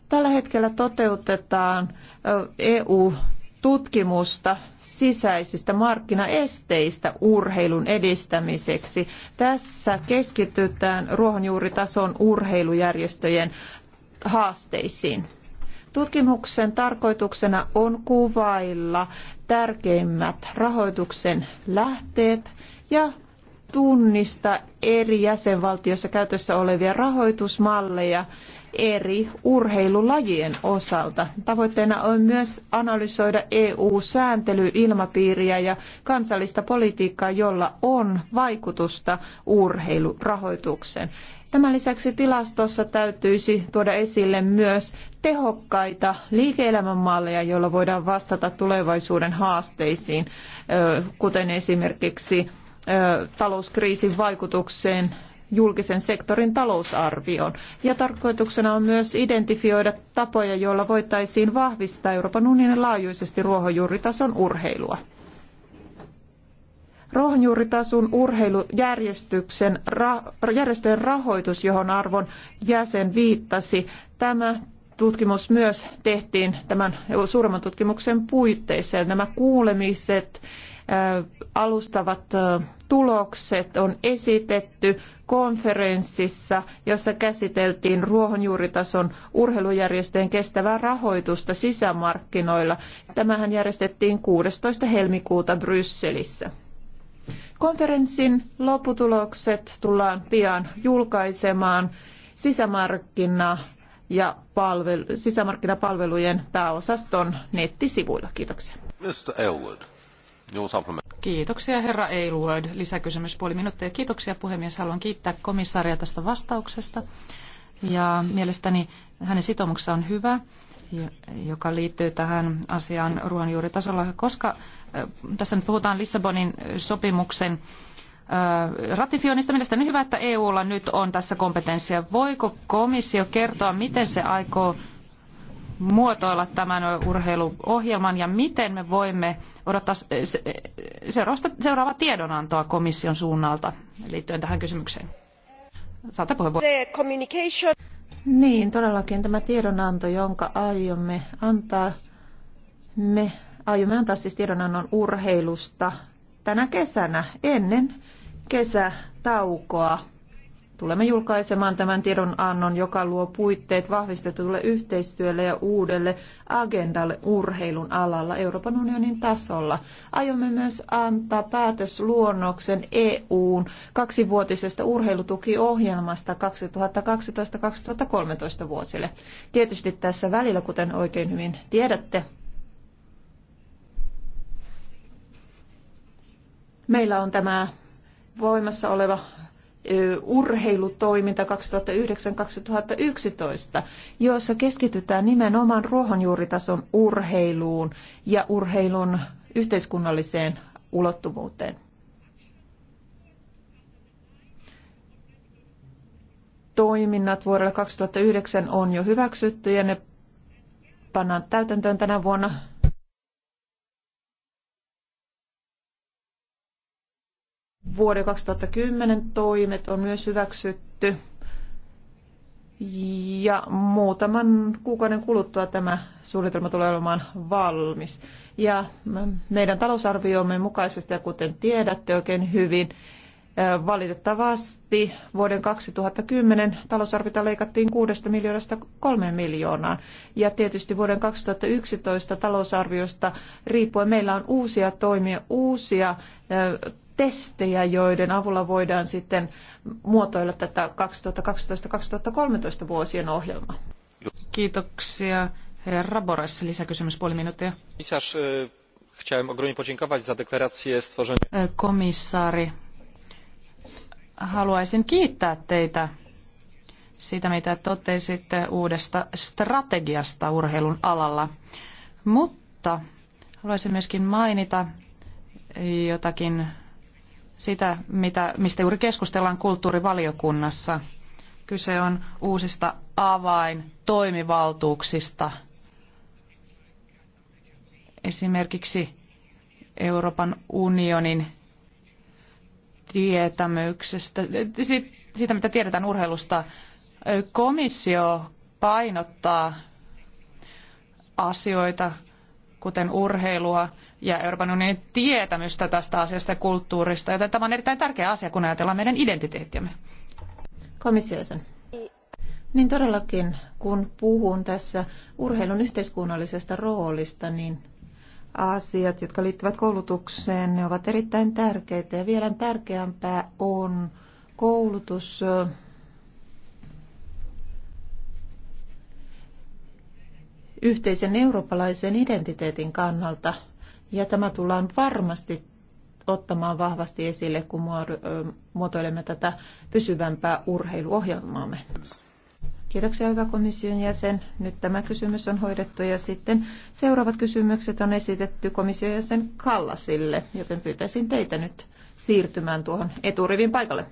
Tällä hetkellä toteutetaan EU-tutkimusta sisäisistä markkinaesteistä urheilun edistämiseksi. Tässä keskitytään ruohonjuuritason urheilujärjestöjen haasteisiin. Tutkimuksen tarkoituksena on kuvailla tärkeimmät rahoituksen lähteet ja tunnistaa eri jäsenvaltioissa käytössä olevia rahoitusmalleja eri urheilulajien osalta. Tavoitteena on myös analysoida EU-sääntelyilmapiiriä ja kansallista politiikkaa, jolla on vaikutusta urheilurahoitukseen. Tämän lisäksi tilastossa täytyisi tuoda esille myös tehokkaita liike-elämän malleja, joilla voidaan vastata tulevaisuuden haasteisiin, kuten esimerkiksi talouskriisin vaikutukseen julkisen sektorin talousarvioon. Ja tarkoituksena on myös identifioida tapoja, joilla voitaisiin vahvistaa Euroopan unionin laajuisesti ruohonjuuritason urheilua. Rohjuuritasun urheilujärjestyksen järjestöjen rahoitus, johon arvon jäsen viittasi, tämä tutkimus myös tehtiin tämän suuremman tutkimuksen puitteissa. Ja nämä kuulemiset, alustavat tulokset on esitetty konferenssissa, jossa käsiteltiin ruohonjuuritason urheilujärjestöjen kestävää rahoitusta sisämarkkinoilla. Tämähän järjestettiin 16. helmikuuta Brysselissä. Konferenssin lopputulokset tullaan pian julkaisemaan sisämarkkina ja palvelu, sisämarkkinapalvelujen pääosaston nettisivuilla. Kiitoksia. Mr. Elwood. Kiitoksia herra Aylward. Lisäkysymys puoli minuuttia. Kiitoksia puhemies. Haluan kiittää komissaaria tästä vastauksesta. Ja mielestäni hänen sitoumuksensa on hyvä, joka liittyy tähän asiaan ruoanjuuritasolla, koska tässä nyt puhutaan Lissabonin sopimuksen ratifioinnista. Mielestäni hyvä, että EUlla nyt on tässä kompetenssia. Voiko komissio kertoa, miten se aikoo muotoilla tämän urheiluohjelman ja miten me voimme odottaa seuraavaa tiedonantoa komission suunnalta liittyen tähän kysymykseen? Saatte puheenvuoron. Niin, todellakin tämä tiedonanto, jonka aiomme antaa, me Aiomme antaa siis tiedonannon urheilusta tänä kesänä ennen kesätaukoa. Tulemme julkaisemaan tämän tiedonannon, joka luo puitteet vahvistetulle yhteistyölle ja uudelle agendalle urheilun alalla Euroopan unionin tasolla. Aiomme myös antaa päätösluonnoksen EUn kaksivuotisesta urheilutukiohjelmasta 2012-2013 vuosille. Tietysti tässä välillä, kuten oikein hyvin tiedätte, Meillä on tämä voimassa oleva urheilutoiminta 2009-2011, jossa keskitytään nimenomaan ruohonjuuritason urheiluun ja urheilun yhteiskunnalliseen ulottuvuuteen. Toiminnat vuodelle 2009 on jo hyväksytty ja ne pannaan täytäntöön tänä vuonna vuoden 2010 toimet on myös hyväksytty. Ja muutaman kuukauden kuluttua tämä suunnitelma tulee olemaan valmis. Ja mm, meidän talousarviomme mukaisesti, ja kuten tiedätte oikein hyvin, valitettavasti vuoden 2010 talousarvita leikattiin 6 miljoonasta 3 miljoonaan. Ja tietysti vuoden 2011 talousarviosta riippuen meillä on uusia toimia, uusia testejä, joiden avulla voidaan sitten muotoilla tätä 2012-2013 vuosien ohjelmaa. Kiitoksia. Herra Boras, lisäkysymys puoli minuuttia. Komisarz, e, chciałem ogromnie podziękować za deklarację stworzenia... E, Komissaari, haluaisin kiittää teitä siitä, mitä totesitte uudesta strategiasta urheilun alalla. Mutta haluaisin myöskin mainita jotakin sitä, mitä, mistä juuri keskustellaan kulttuurivaliokunnassa. Kyse on uusista avaintoimivaltuuksista. Esimerkiksi Euroopan unionin tietämyksestä, siitä mitä tiedetään urheilusta. Komissio painottaa asioita, kuten urheilua, ja Euroopan unionin tietämystä tästä asiasta ja kulttuurista, joten tämä on erittäin tärkeä asia, kun ajatellaan meidän identiteettiämme. Komissiosen. Niin todellakin, kun puhun tässä urheilun yhteiskunnallisesta roolista, niin asiat, jotka liittyvät koulutukseen, ne ovat erittäin tärkeitä. Ja vielä tärkeämpää on koulutus yhteisen eurooppalaisen identiteetin kannalta – ja tämä tullaan varmasti ottamaan vahvasti esille, kun muotoilemme tätä pysyvämpää urheiluohjelmaamme. Kiitoksia hyvä komission jäsen. Nyt tämä kysymys on hoidettu ja sitten seuraavat kysymykset on esitetty komission jäsen Kallasille, joten pyytäisin teitä nyt siirtymään tuohon eturivin paikalle.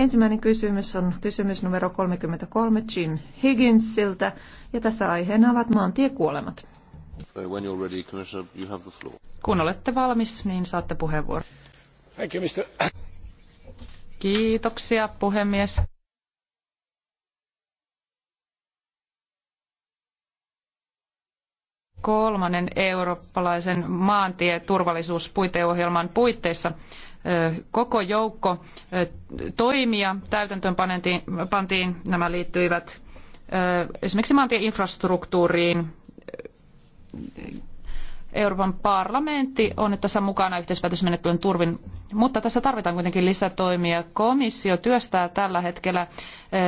Ensimmäinen kysymys on kysymys numero 33 Jim Higginsiltä, ja tässä aiheena ovat maantiekuolemat. When you're ready, Commissioner, you have the floor. Kun olette valmis, niin saatte puheenvuoron. Thank you, Mr. Kiitoksia, puhemies. Kolmannen eurooppalaisen maantieturvallisuuspuiteohjelman puitteissa koko joukko toimia täytäntöön pantiin. Nämä liittyivät esimerkiksi maantieinfrastruktuuriin. Euroopan parlamentti on nyt tässä mukana yhteispäätösmenettelyn turvin, mutta tässä tarvitaan kuitenkin lisätoimia. Komissio työstää tällä hetkellä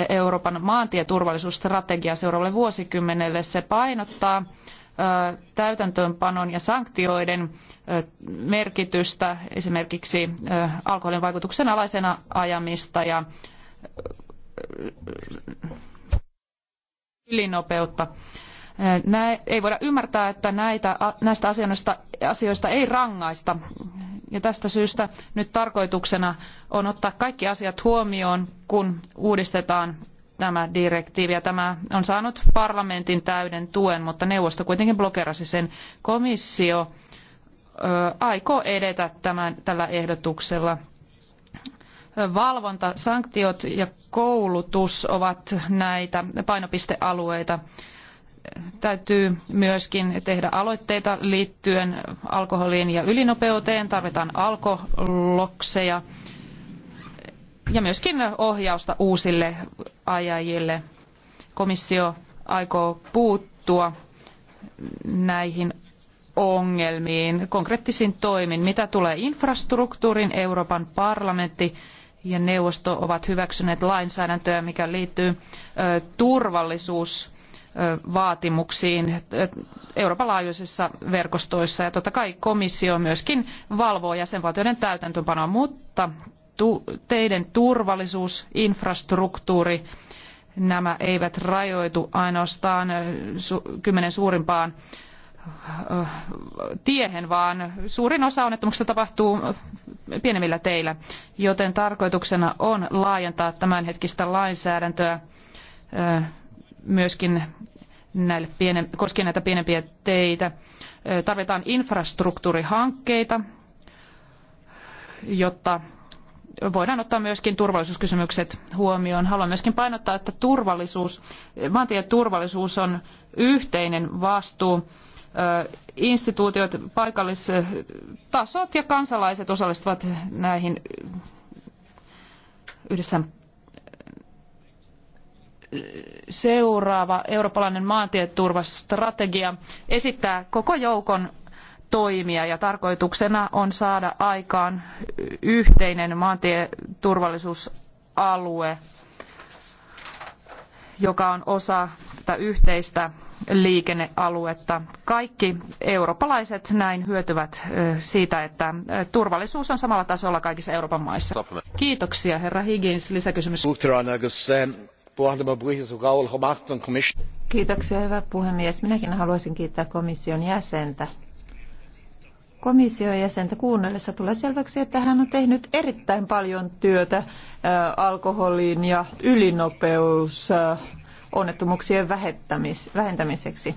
Euroopan maantieturvallisuusstrategiaa seuraavalle vuosikymmenelle. Se painottaa täytäntöönpanon ja sanktioiden merkitystä, esimerkiksi alkoholin vaikutuksen alaisena ajamista ja ylinopeutta. ei voida ymmärtää, että näitä, näistä asioista, asioista ei rangaista. Ja tästä syystä nyt tarkoituksena on ottaa kaikki asiat huomioon, kun uudistetaan tämä direktiivi ja tämä on saanut parlamentin täyden tuen, mutta neuvosto kuitenkin blokerasi sen. Komissio aikoo edetä tämän, tällä ehdotuksella. Valvonta, sanktiot ja koulutus ovat näitä painopistealueita. Täytyy myöskin tehdä aloitteita liittyen alkoholiin ja ylinopeuteen. Tarvitaan alkolokseja ja myöskin ohjausta uusille ajajille. Komissio aikoo puuttua näihin ongelmiin, konkreettisiin toimin. Mitä tulee infrastruktuurin, Euroopan parlamentti ja neuvosto ovat hyväksyneet lainsäädäntöä, mikä liittyy turvallisuusvaatimuksiin Euroopan laajuisissa verkostoissa. Ja totta kai komissio myöskin valvoo jäsenvaltioiden täytäntöpanoa, mutta tu, teiden turvallisuus, infrastruktuuri, nämä eivät rajoitu ainoastaan äh, su, kymmenen suurimpaan äh, tiehen, vaan suurin osa onnettomuuksista tapahtuu äh, pienemmillä teillä, joten tarkoituksena on laajentaa tämänhetkistä lainsäädäntöä myöskin näille pienen, koskien näitä pienempiä teitä. Tarvitaan infrastruktuurihankkeita, jotta voidaan ottaa myöskin turvallisuuskysymykset huomioon. Haluan myöskin painottaa, että turvallisuus, turvallisuus on yhteinen vastuu. Instituutiot, paikallistasot ja kansalaiset osallistuvat näihin yhdessä. Seuraava eurooppalainen maantieturvastrategia esittää koko joukon toimia ja tarkoituksena on saada aikaan yhteinen maantieturvallisuusalue, joka on osa tätä yhteistä liikennealuetta. Kaikki eurooppalaiset näin hyötyvät siitä, että turvallisuus on samalla tasolla kaikissa Euroopan maissa. Kiitoksia, herra Higgins. Lisäkysymys. Kiitoksia, hyvä puhemies. Minäkin haluaisin kiittää komission jäsentä komission jäsentä kuunnellessa tulee selväksi, että hän on tehnyt erittäin paljon työtä alkoholin ja ylinopeus onnettomuuksien vähentämiseksi.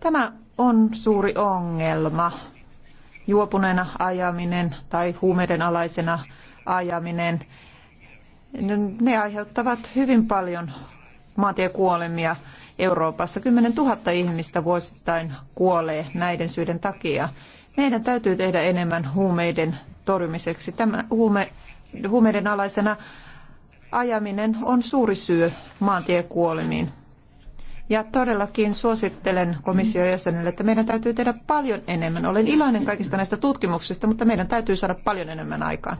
Tämä on suuri ongelma. Juopuneena ajaminen tai huumeiden alaisena ajaminen, ne aiheuttavat hyvin paljon maantiekuolemia Euroopassa 10 000 ihmistä vuosittain kuolee näiden syiden takia. Meidän täytyy tehdä enemmän huumeiden torjumiseksi. Tämä huume, huumeiden alaisena ajaminen on suuri syy maantiekuolemiin. Ja todellakin suosittelen komission jäsenelle, että meidän täytyy tehdä paljon enemmän. Olen iloinen kaikista näistä tutkimuksista, mutta meidän täytyy saada paljon enemmän aikaan.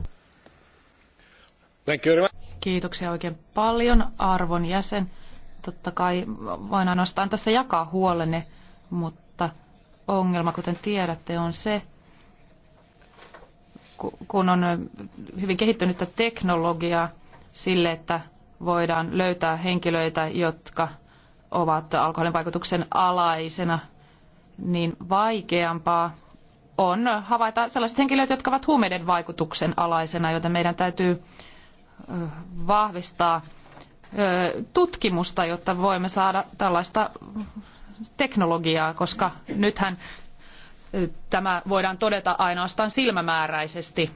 Kiitoksia oikein paljon arvon jäsen. Totta kai voin ainoastaan tässä jakaa huolenne, mutta ongelma, kuten tiedätte, on se, kun on hyvin kehittynyttä teknologiaa sille, että voidaan löytää henkilöitä, jotka ovat alkoholin vaikutuksen alaisena, niin vaikeampaa on havaita sellaiset henkilöt, jotka ovat huumeiden vaikutuksen alaisena, joten meidän täytyy vahvistaa tutkimusta, jotta voimme saada tällaista teknologiaa, koska nythän tämä voidaan todeta ainoastaan silmämääräisesti.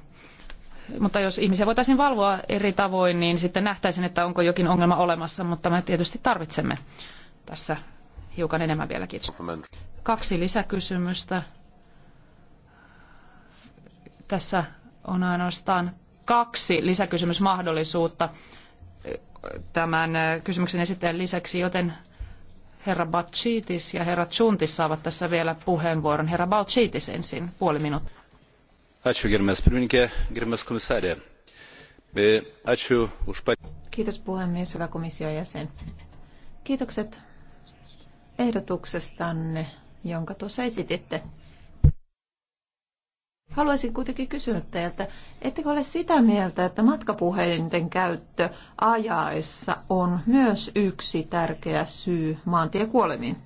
Mutta jos ihmisiä voitaisiin valvoa eri tavoin, niin sitten nähtäisiin, että onko jokin ongelma olemassa, mutta me tietysti tarvitsemme tässä hiukan enemmän vielä. Kiitos. Kaksi lisäkysymystä. Tässä on ainoastaan kaksi lisäkysymysmahdollisuutta tämän kysymyksen esittäjän lisäksi, joten herra Batsiitis ja herra Tsuntis saavat tässä vielä puheenvuoron. Herra Batsiitis ensin, puoli minuuttia. Kiitos puhemies, hyvä komission jäsen. Kiitokset ehdotuksestanne, jonka tuossa esititte. Haluaisin kuitenkin kysyä teiltä, ettekö ole sitä mieltä, että matkapuhelinten käyttö ajaessa on myös yksi tärkeä syy maantiekuolemiin?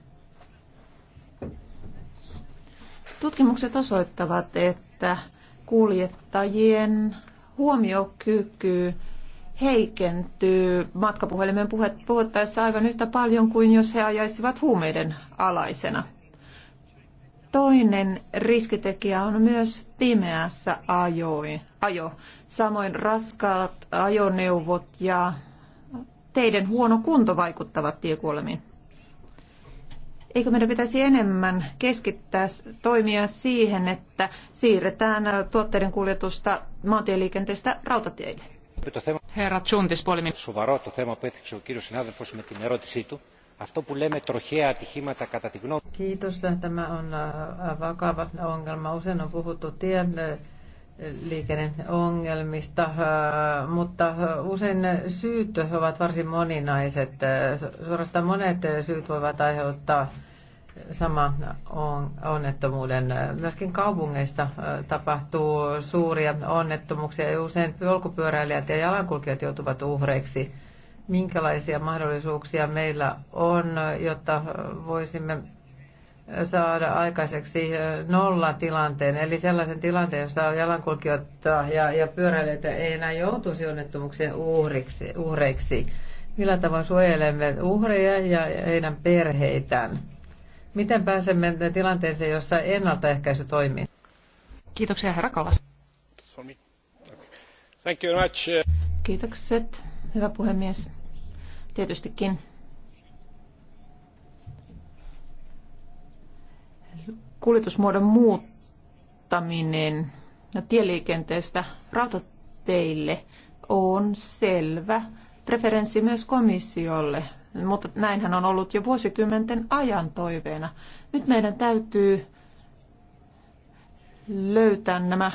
Tutkimukset osoittavat, että kuljettajien huomiokyky heikentyy matkapuhelimen puhuttaessa aivan yhtä paljon kuin jos he ajaisivat huumeiden alaisena. Toinen riskitekijä on myös pimeässä ajoin, ajo. Samoin raskaat ajoneuvot ja teidän huono kunto vaikuttavat tiekuolemiin. Eikö meidän pitäisi enemmän keskittää toimia siihen, että siirretään tuotteiden kuljetusta maantieliikenteestä rautatieille? Herra Tsuntis, puoli minuuttia. Αυτό που λέμε τροχαία ατυχήματα κατά τη γνώμη... Kiitos. on äh, vakava ongelma. Usein on puhuttu tien äh, liikenneongelmista, äh, mutta usein syyt ovat varsin moninaiset. Suorastaan monet syyt voivat aiheuttaa sama onnettomuuden. Myöskin kaupungeissa tapahtuu suuria onnettomuuksia ja usein polkupyöräilijät ja jalankulkijat joutuvat uhreiksi minkälaisia mahdollisuuksia meillä on, jotta voisimme saada aikaiseksi nollatilanteen, eli sellaisen tilanteen, jossa jalankulkijoita ja, ja pyöräilijöitä ei enää joutuisi onnettomuuksien uhriksi, uhreiksi. Millä tavoin suojelemme uhreja ja heidän perheitään? Miten pääsemme tilanteeseen, jossa ennaltaehkäisy toimii? Kiitoksia, herra Kallas. Thank you much. Kiitokset, hyvä puhemies tietystikin kuljetusmuodon muuttaminen no, tieliikenteestä rautateille on selvä preferenssi myös komissiolle, mutta näinhän on ollut jo vuosikymmenten ajan toiveena. Nyt meidän täytyy löytää nämä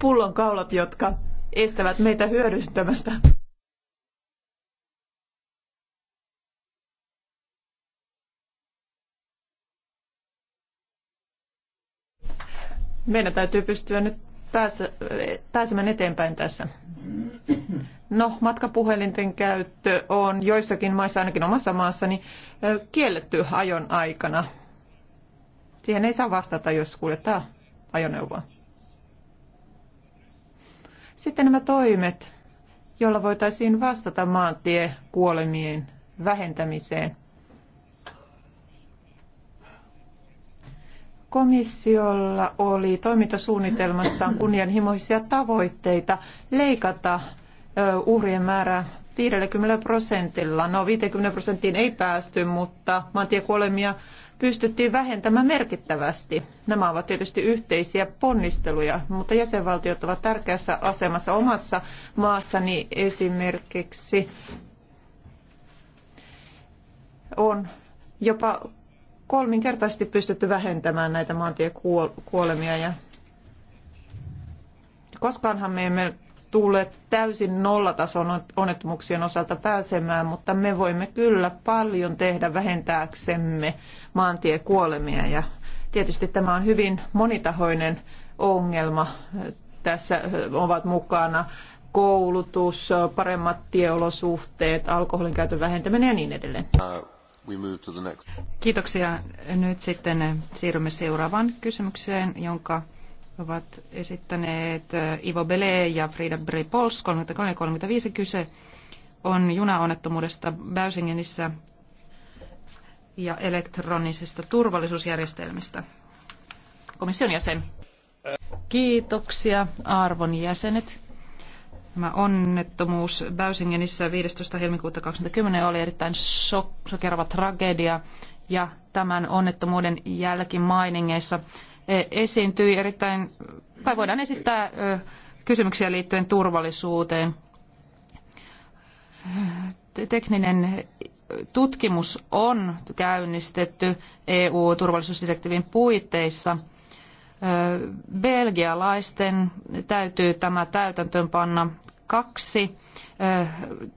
pullonkaulat, jotka estävät meitä hyödyntämästä. Meidän täytyy pystyä nyt pääse, pääsemään eteenpäin tässä. No, matkapuhelinten käyttö on joissakin maissa, ainakin omassa maassani, kielletty ajon aikana. Siihen ei saa vastata, jos kuljettaa ajoneuvoa. Sitten nämä toimet, joilla voitaisiin vastata maantiekuolemien vähentämiseen. Komissiolla oli toimintasuunnitelmassaan kunnianhimoisia tavoitteita leikata uhrien määrää 50 prosentilla. No 50 prosenttiin ei päästy, mutta maantiekuolemia pystyttiin vähentämään merkittävästi. Nämä ovat tietysti yhteisiä ponnisteluja, mutta jäsenvaltiot ovat tärkeässä asemassa omassa maassani esimerkiksi. On jopa kolminkertaisesti pystytty vähentämään näitä maantiekuolemia ja koskaanhan me emme Tulee täysin nollatason onnettomuuksien osalta pääsemään, mutta me voimme kyllä paljon tehdä vähentääksemme maantiekuolemia. Ja tietysti tämä on hyvin monitahoinen ongelma. Tässä ovat mukana koulutus, paremmat tieolosuhteet, alkoholin käytön vähentäminen ja niin edelleen. Uh, Kiitoksia. Nyt sitten siirrymme seuraavaan kysymykseen, jonka ovat esittäneet äh, Ivo Bele ja Frida Brepols 33-35 kyse on junaonnettomuudesta Bäysingenissä ja elektronisista turvallisuusjärjestelmistä. Komission jäsen. Kiitoksia arvon jäsenet. Tämä onnettomuus Bäysingenissä 15. helmikuuta 2010 oli erittäin sok- sokerava tragedia ja tämän onnettomuuden jälkimainingeissa E, esiintyi erittäin, tai voidaan esittää e, kysymyksiä liittyen turvallisuuteen. Tekninen tutkimus on käynnistetty EU-turvallisuusdirektiivin puitteissa. E, belgialaisten täytyy tämä täytäntöönpanna kaksi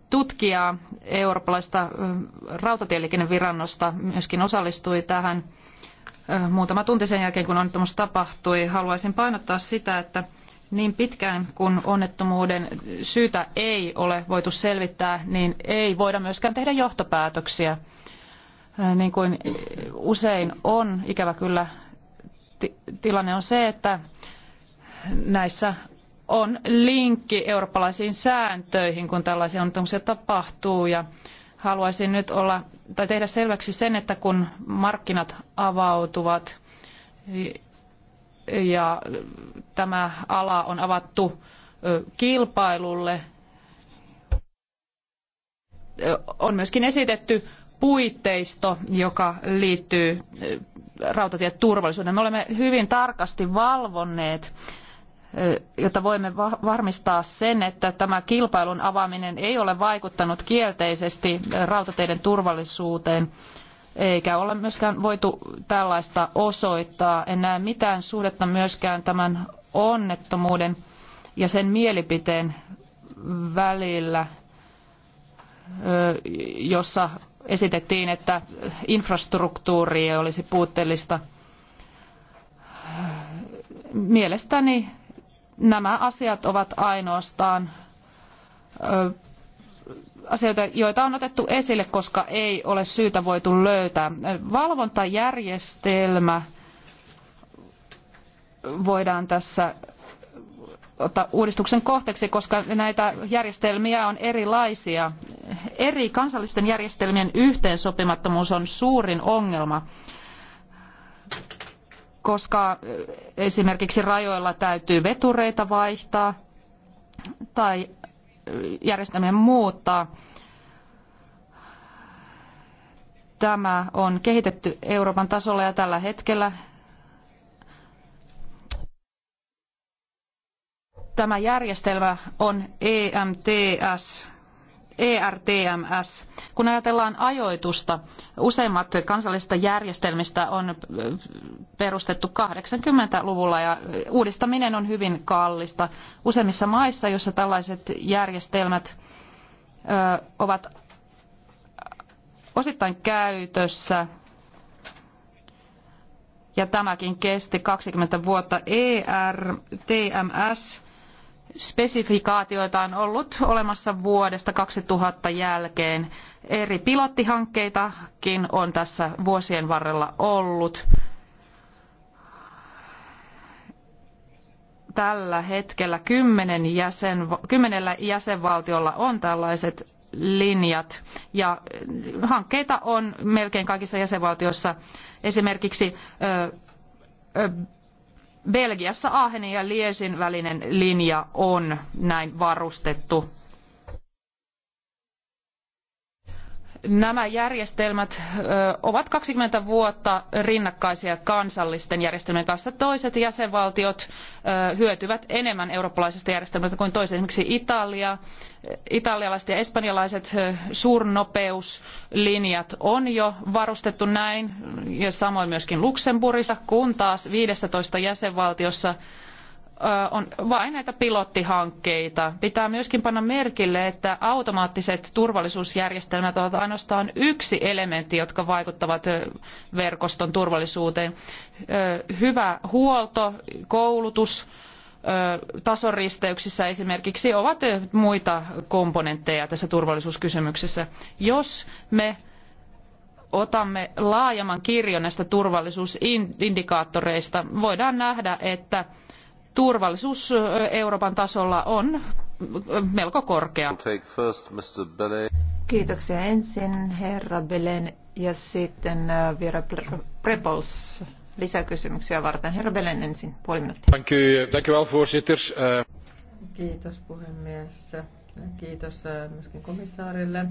tutkijaa eurooppalaista rautatieliikennevirannosta myöskin osallistui tähän – muutama tunti sen jälkeen, kun onnettomuus tapahtui. Haluaisin painottaa sitä, että niin pitkään kun onnettomuuden syytä ei ole voitu selvittää, niin ei voida myöskään tehdä johtopäätöksiä. Niin kuin usein on, ikävä kyllä tilanne on se, että näissä on linkki eurooppalaisiin sääntöihin, kun tällaisia onnettomuuksia tapahtuu. Ja haluaisin nyt olla tai tehdä selväksi sen, että kun markkinat avautuvat ja tämä ala on avattu kilpailulle, on myöskin esitetty puitteisto, joka liittyy rautatieturvallisuuteen. Me olemme hyvin tarkasti valvonneet jotta voimme varmistaa sen, että tämä kilpailun avaaminen ei ole vaikuttanut kielteisesti rautateiden turvallisuuteen, eikä ole myöskään voitu tällaista osoittaa. En näe mitään suhdetta myöskään tämän onnettomuuden ja sen mielipiteen välillä, jossa esitettiin, että infrastruktuuri olisi puutteellista. Mielestäni nämä asiat ovat ainoastaan asioita, joita on otettu esille, koska ei ole syytä voitu löytää. Valvontajärjestelmä voidaan tässä ottaa uudistuksen kohteeksi, koska näitä järjestelmiä on erilaisia. Eri kansallisten järjestelmien yhteensopimattomuus on suurin ongelma koska esimerkiksi rajoilla täytyy vetureita vaihtaa tai järjestelmiä muuttaa. Tämä on kehitetty Euroopan tasolla ja tällä hetkellä tämä järjestelmä on EMTS ERTMS. Kun ajatellaan ajoitusta, useimmat kansallisista järjestelmistä on perustettu 80-luvulla ja uudistaminen on hyvin kallista. Useimmissa maissa, joissa tällaiset järjestelmät ovat osittain käytössä, ja tämäkin kesti 20 vuotta ERTMS spesifikaatioita on ollut olemassa vuodesta 2000 jälkeen. Eri pilottihankkeitakin on tässä vuosien varrella ollut. Tällä hetkellä kymmenen jäsen, kymmenellä jäsenvaltiolla on tällaiset linjat ja eh, hankkeita on melkein kaikissa jäsenvaltioissa. Esimerkiksi Belgiassa Aachenin ja Liesin välinen linja on näin varustettu nämä järjestelmät ovat 20 vuotta rinnakkaisia kansallisten järjestelmien kanssa. Toiset jäsenvaltiot hyötyvät enemmän eurooppalaisesta järjestelmästä kuin toiset. Esimerkiksi Italia, italialaiset ja espanjalaiset suurnopeuslinjat on jo varustettu näin, ja samoin myöskin Luxemburgissa, kun taas 15 jäsenvaltiossa on vain näitä pilottihankkeita. Pitää myöskin panna merkille, että automaattiset turvallisuusjärjestelmät ovat ainoastaan yksi elementti, jotka vaikuttavat verkoston turvallisuuteen. Hyvä huolto, koulutus, tasoristeyksissä esimerkiksi ovat muita komponentteja tässä turvallisuuskysymyksessä. Jos me otamme laajemman kirjon näistä turvallisuusindikaattoreista, voidaan nähdä, että turvallisuus Euroopan tasolla on melko korkea. Kiitoksia ensin herra Belen ja sitten vielä Prepols lisäkysymyksiä varten. Herra Belen ensin, puoli minuuttia. Thank you, thank you Kiitos puhemies. Kiitos myöskin komissaarille.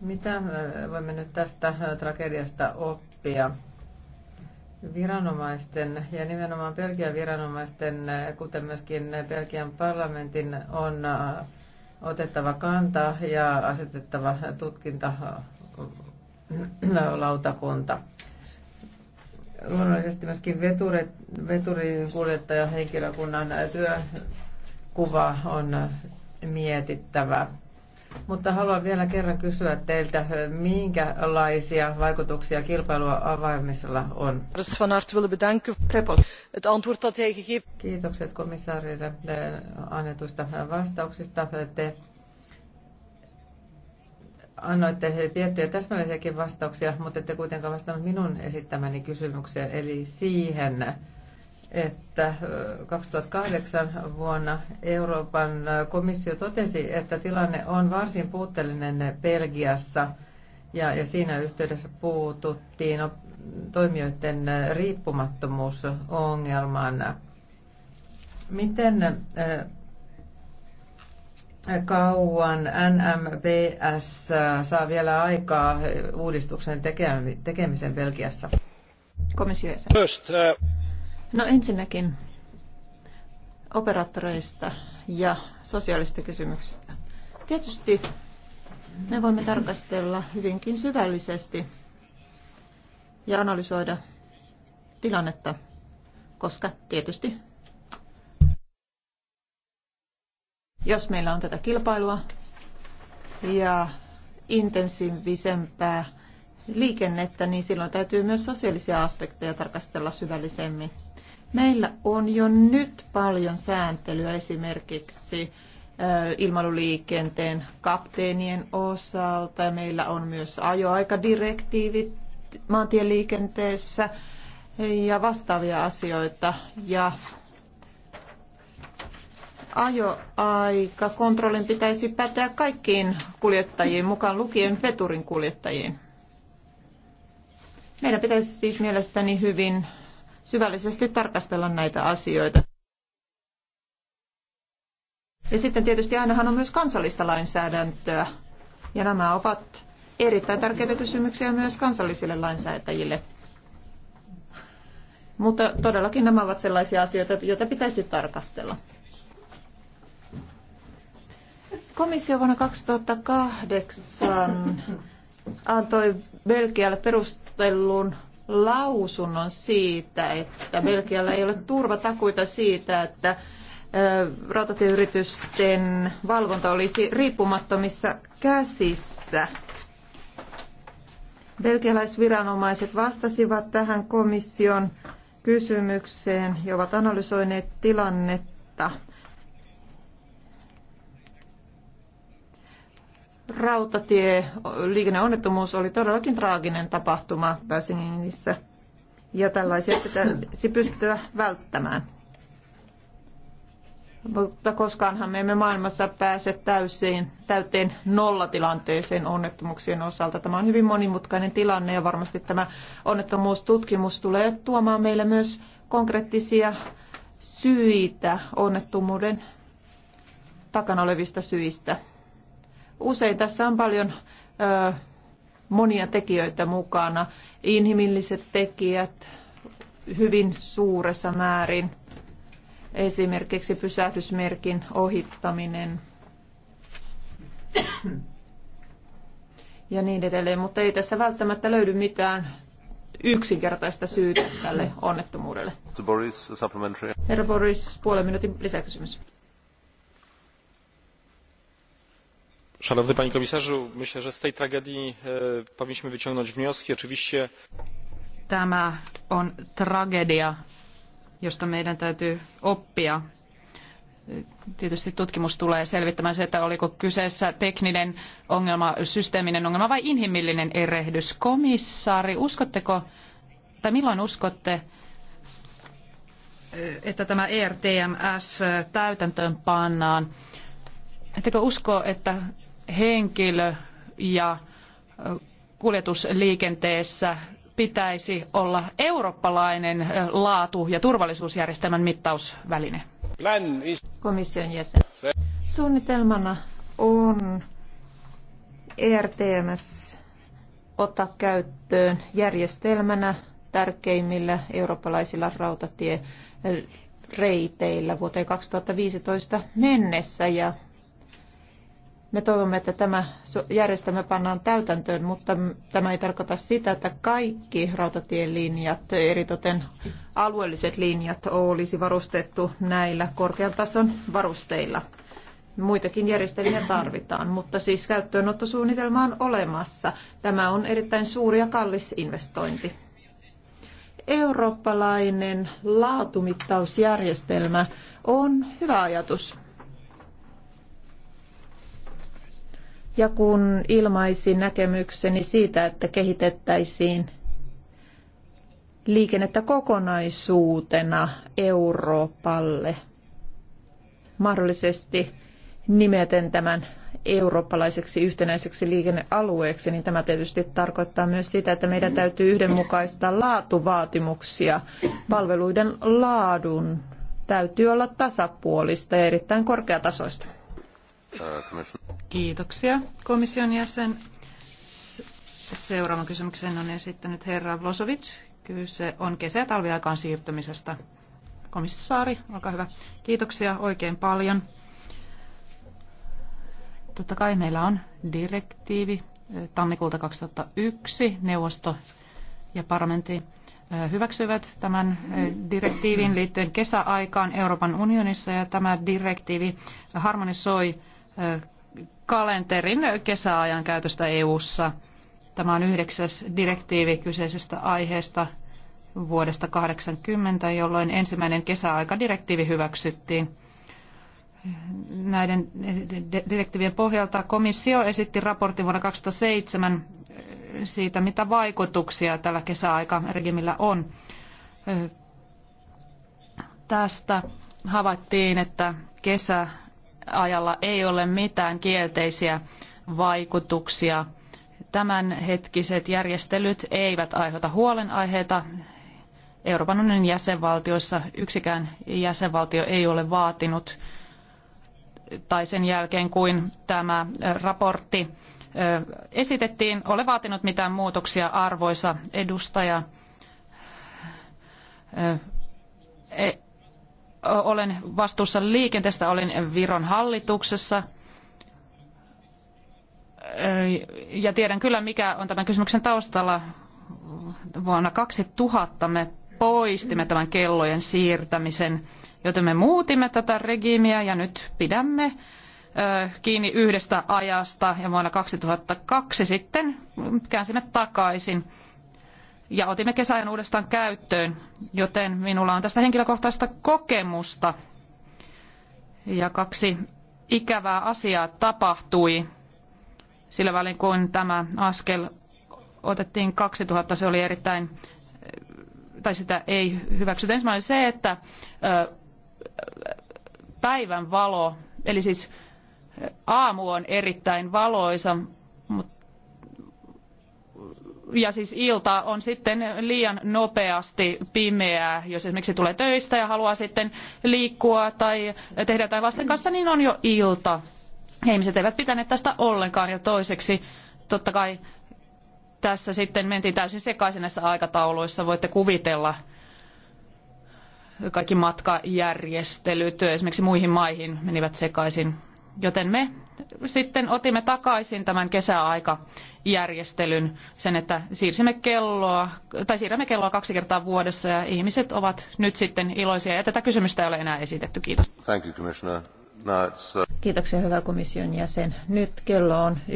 Mitä voimme nyt tästä tragediasta oppia? viranomaisten ja nimenomaan Belgian viranomaisten, kuten myöskin Belgian parlamentin, on äh, otettava kanta ja asetettava tutkintalautakunta. Äh, Luonnollisesti myöskin veturikuljettajan henkilökunnan työkuva on mietittävä. Mutta haluan vielä kerran kysyä teiltä, minkälaisia vaikutuksia kilpailua avaamisella on? Kiitokset komissaarille annetuista vastauksista. Te annoitte tiettyjä täsmällisiäkin vastauksia, mutta ette kuitenkaan vastannut minun esittämäni kysymykseen, eli siihen, että 2008 vuonna Euroopan komissio totesi, että tilanne on varsin puutteellinen Belgiassa ja, ja siinä yhteydessä puututtiin toimijoiden riippumattomuusongelmaan. Miten kauan NMBS saa vielä aikaa uudistuksen tekemisen Belgiassa? Komissio. First, uh... No ensinnäkin operaattoreista ja sosiaalista kysymyksistä. Tietysti me voimme tarkastella hyvinkin syvällisesti ja analysoida tilannetta, koska tietysti jos meillä on tätä kilpailua ja intensiivisempää liikennettä, niin silloin täytyy myös sosiaalisia aspekteja tarkastella syvällisemmin. Meillä on jo nyt paljon sääntelyä esimerkiksi ilmailuliikenteen kapteenien osalta. Meillä on myös ajoaikadirektiivit maantieliikenteessä ja vastaavia asioita. Ja ajoaika kontrollin pitäisi päteä kaikkiin kuljettajiin, mukaan lukien veturin kuljettajiin. Meidän pitäisi siis mielestäni hyvin syvällisesti tarkastella näitä asioita. Ja sitten tietysti ainahan on myös kansallista lainsäädäntöä, ja nämä ovat erittäin tärkeitä kysymyksiä myös kansallisille lainsäätäjille. Mutta todellakin nämä ovat sellaisia asioita, joita pitäisi tarkastella. Komissio vuonna 2008 antoi Belgialle perustellun lausunnon siitä, että Belgialla ei ole turvatakuita siitä, että rautatieyritysten valvonta olisi riippumattomissa käsissä. Belgialaisviranomaiset vastasivat tähän komission kysymykseen ja ovat analysoineet tilannetta. rautatie liikenneonnettomuus oli todellakin traaginen tapahtuma Pääsingissä ja tällaisia pitäisi pystyä välttämään. Mutta koskaanhan me emme maailmassa pääse täysin, täyteen nollatilanteeseen onnettomuuksien osalta. Tämä on hyvin monimutkainen tilanne ja varmasti tämä onnettomuustutkimus tulee tuomaan meille myös konkreettisia syitä onnettomuuden takana olevista syistä. Usein tässä on paljon ö, monia tekijöitä mukana. Inhimilliset tekijät hyvin suuressa määrin, esimerkiksi pysähdysmerkin ohittaminen ja niin edelleen, mutta ei tässä välttämättä löydy mitään yksinkertaista syytä tälle onnettomuudelle. Herra Boris, puolen minuutin lisäkysymys. szanowny panie komisarzu myślę że z tej tragedii e, powinniśmy wyciągnąć wnioski oczywiście Tämä on tragedia, josta meidän täytyy oppia. E, tietysti tutkimus tulee selvittämään se, että oliko kyseessä tekninen ongelma, systeeminen ongelma vai inhimillinen erehdys. Komissaari, uskotteko, tai milloin uskotte, e, että tämä ERTMS täytäntöön pannaan? Ettekö usko, että henkilö ja kuljetusliikenteessä pitäisi olla eurooppalainen laatu- ja turvallisuusjärjestelmän mittausväline. Komission jäsen. Suunnitelmana on ERTMS ottaa käyttöön järjestelmänä tärkeimmillä eurooppalaisilla rautatie reiteillä vuoteen 2015 mennessä ja me toivomme, että tämä järjestelmä pannaan täytäntöön, mutta tämä ei tarkoita sitä, että kaikki rautatielinjat, eritoten alueelliset linjat, olisi varustettu näillä korkean tason varusteilla. Muitakin järjestelmiä tarvitaan, mutta siis käyttöönottosuunnitelma on olemassa. Tämä on erittäin suuri ja kallis investointi. Eurooppalainen laatumittausjärjestelmä on hyvä ajatus Ja kun ilmaisin näkemykseni siitä, että kehitettäisiin liikennettä kokonaisuutena Euroopalle, mahdollisesti nimeten tämän eurooppalaiseksi yhtenäiseksi liikennealueeksi, niin tämä tietysti tarkoittaa myös sitä, että meidän täytyy yhdenmukaistaa laatuvaatimuksia. Palveluiden laadun täytyy olla tasapuolista ja erittäin korkeatasoista. Kiitoksia komission jäsen. Seuraavan kysymyksen on esittänyt herra Vlosovic. Kyse on kesä- ja talviaikaan siirtymisestä. Komissaari, olkaa hyvä. Kiitoksia oikein paljon. Totta kai meillä on direktiivi tammikuulta 2001. Neuvosto ja parlamentti hyväksyvät tämän direktiivin liittyen kesäaikaan Euroopan unionissa ja tämä direktiivi harmonisoi kalenterin kesäajan käytöstä EU:ssa. Tämä on yhdeksäs direktiivi kyseisestä aiheesta vuodesta 80, jolloin ensimmäinen kesäaikadirektiivi hyväksyttiin. Näiden direktiivien pohjalta komissio esitti raportin vuonna 2007 siitä, mitä vaikutuksia tällä kesäaikaregimillä on. Tästä havaittiin, että kesä ajalla ei ole mitään kielteisiä vaikutuksia. Tämänhetkiset järjestelyt eivät aiheuta huolenaiheita. Euroopan unionin jäsenvaltioissa yksikään jäsenvaltio ei ole vaatinut tai sen jälkeen, kuin tämä raportti esitettiin, ole vaatinut mitään muutoksia arvoisa edustaja. E, olen vastuussa liikenteestä, olin Viron hallituksessa ja tiedän kyllä, mikä on tämän kysymyksen taustalla. Vuonna 2000 me poistimme tämän kellojen siirtämisen, joten me muutimme tätä regiimiä ja nyt pidämme kiinni yhdestä ajasta ja vuonna 2002 sitten käänsimme takaisin ja otimme kesäajan uudestaan käyttöön, joten minulla on tästä henkilökohtaista kokemusta. Ja kaksi ikävää asiaa tapahtui sillä välin, kun tämä askel otettiin 2000, se oli erittäin, tai sitä ei hyväksytä. Ensimmäinen oli se, että päivän valo, eli siis aamu on erittäin valoisa, mutta ja siis ilta on sitten liian nopeasti pimeää, jos esimerkiksi tulee töistä ja haluaa sitten liikkua tai tehdä jotain lasten kanssa, niin on jo ilta. ihmiset eivät pitäneet tästä ollenkaan ja toiseksi totta kai tässä sitten mentiin täysin sekaisin näissä aikatauluissa, voitte kuvitella kaikki matkajärjestelyt esimerkiksi muihin maihin menivät sekaisin Joten me sitten otimme takaisin tämän kesäaikajärjestelyn, sen, että siirsimme kelloa, tai siirrämme kelloa kaksi kertaa vuodessa, ja ihmiset ovat nyt sitten iloisia, ja tätä kysymystä ei ole enää esitetty. Kiitos. Thank you, Commissioner. No, uh... Kiitoksia, hyvä komission jäsen. Nyt kello on 19.35,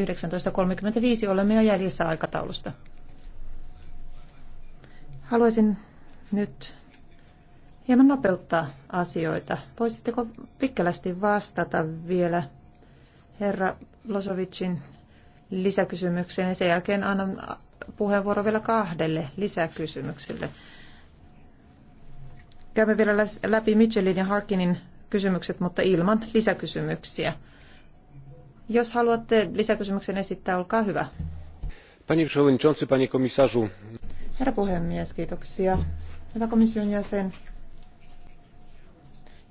olemme jo jäljessä aikataulusta. Haluaisin nyt hieman nopeuttaa asioita. Voisitteko pikkelästi vastata vielä herra Losovicin lisäkysymykseen ja sen jälkeen annan puheenvuoro vielä kahdelle lisäkysymykselle. Käymme vielä läpi Mitchellin ja Harkinin kysymykset, mutta ilman lisäkysymyksiä. Jos haluatte lisäkysymyksen esittää, olkaa hyvä. Panie przewodniczący, panie komisarzu. Herra puhemies, kiitoksia. Hyvä komission jäsen,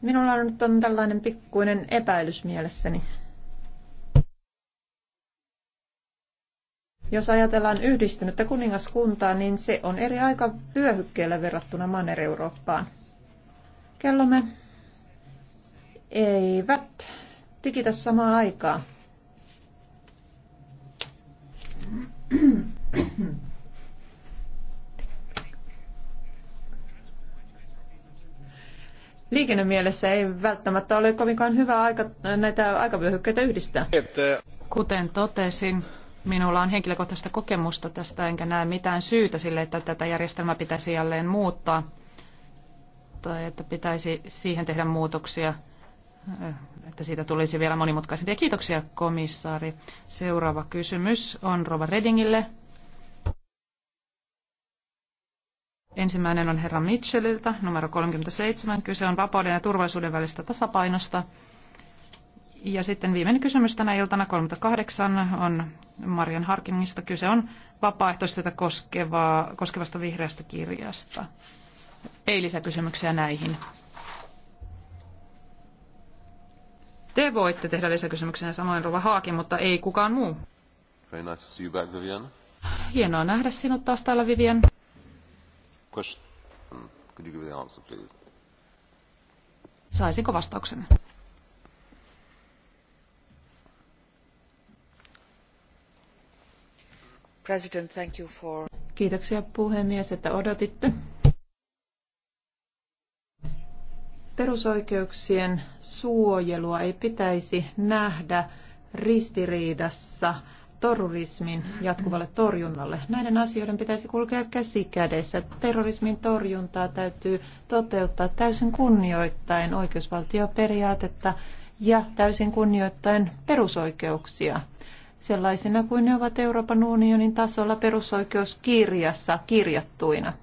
Minulla on nyt on tällainen pikkuinen epäilys mielessäni. Jos ajatellaan yhdistynyttä kuningaskuntaa, niin se on eri aika vyöhykkeellä verrattuna Manner-Eurooppaan. Kellomme eivät tikitä samaa aikaa. liikennemielessä ei välttämättä ole kovinkaan hyvä aika näitä aikavyöhykkeitä yhdistää. Kuten totesin, minulla on henkilökohtaista kokemusta tästä, enkä näe mitään syytä sille, että tätä järjestelmää pitäisi jälleen muuttaa tai että pitäisi siihen tehdä muutoksia, että siitä tulisi vielä monimutkaisempi. kiitoksia komissaari. Seuraava kysymys on Rova Redingille. Ensimmäinen on herra Mitchelliltä, numero 37. Kyse on vapauden ja turvallisuuden välistä tasapainosta. Ja sitten viimeinen kysymys tänä iltana 38 on Marian Harkingista. Kyse on vapaaehtoistyötä koskevaa, koskevasta vihreästä kirjasta. Ei lisäkysymyksiä näihin. Te voitte tehdä lisäkysymyksen samoin Rova Haakin, mutta ei kukaan muu. Very nice to see you back, Vivian. Hienoa nähdä sinut taas täällä, Vivian question? Hmm. Could you give the answer, please? Saisinko vastauksen? President, thank you for... Kiitoksia puhemies, että odotitte. Perusoikeuksien suojelua ei pitäisi nähdä ristiriidassa terrorismin jatkuvalle torjunnalle. Näiden asioiden pitäisi kulkea käsi kädessä. Terrorismin torjuntaa täytyy toteuttaa täysin kunnioittain oikeusvaltioperiaatetta ja täysin kunnioittain perusoikeuksia sellaisina kuin ne ovat Euroopan unionin tasolla perusoikeuskirjassa kirjattuina.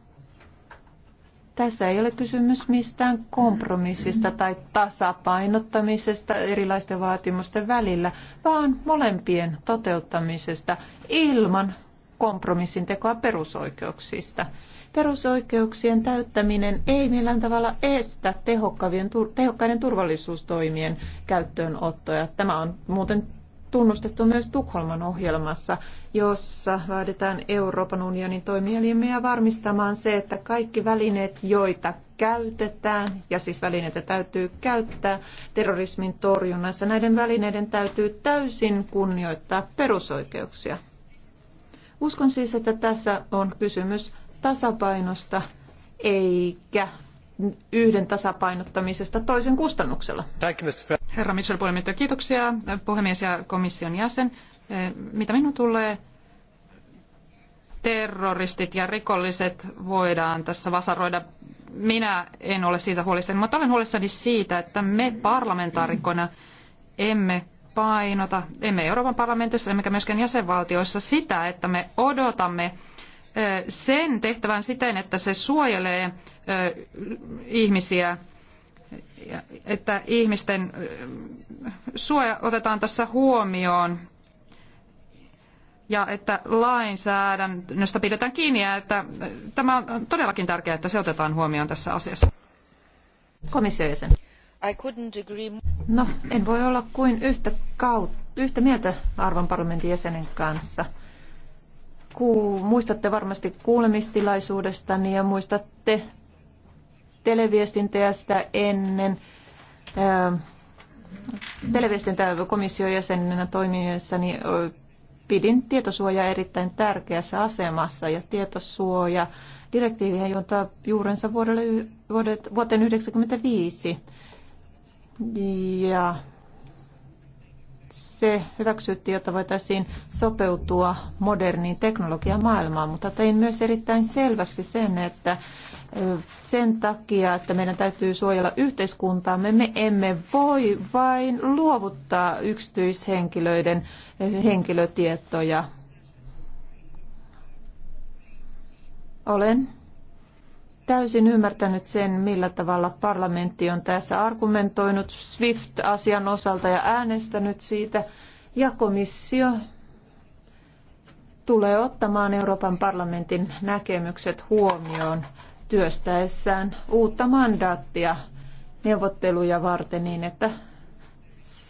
Tässä ei ole kysymys mistään kompromissista tai tasapainottamisesta erilaisten vaatimusten välillä, vaan molempien toteuttamisesta ilman kompromissin tekoa perusoikeuksista. Perusoikeuksien täyttäminen ei millään tavalla estä tehokkaiden turvallisuustoimien käyttöönottoja. Tämä on muuten tunnustettu myös Tukholman ohjelmassa, jossa vaaditaan Euroopan unionin toimielimiä varmistamaan se, että kaikki välineet, joita käytetään, ja siis välineitä täytyy käyttää terrorismin torjunnassa, näiden välineiden täytyy täysin kunnioittaa perusoikeuksia. Uskon siis, että tässä on kysymys tasapainosta eikä yhden tasapainottamisesta toisen kustannuksella. Herra Mitchell, puhemies, kiitoksia puhemies ja komission jäsen. Mitä minun tulee, terroristit ja rikolliset voidaan tässä vasaroida. Minä en ole siitä huolissani, mutta olen huolissani siitä, että me parlamentaarikkoina emme painota, emme Euroopan parlamentissa, emmekä myöskään jäsenvaltioissa sitä, että me odotamme sen tehtävän siten, että se suojelee ihmisiä, että ihmisten suoja otetaan tässä huomioon ja että lainsäädännöstä pidetään kiinni ja että tämä on todellakin tärkeää, että se otetaan huomioon tässä asiassa. Komissio jäsen. No, en voi olla kuin yhtä, kaut, yhtä mieltä arvon parlamentin jäsenen kanssa – Kuu, muistatte varmasti kuulemistilaisuudestani ja muistatte televiestintää sitä ennen. televiestintäkomission jäsenenä toimiessani pidin tietosuojaa erittäin tärkeässä asemassa ja tietosuoja direktiivihän juontaa juurensa vuodelle, vuodet, vuoteen 1995. Ja se hyväksyttiin, jotta voitaisiin sopeutua moderniin teknologiamaailmaan, mutta tein myös erittäin selväksi sen, että sen takia, että meidän täytyy suojella yhteiskuntaa, me emme voi vain luovuttaa yksityishenkilöiden henkilötietoja. Olen täysin ymmärtänyt sen, millä tavalla parlamentti on tässä argumentoinut SWIFT-asian osalta ja äänestänyt siitä. Ja komissio tulee ottamaan Euroopan parlamentin näkemykset huomioon työstäessään uutta mandaattia neuvotteluja varten niin, että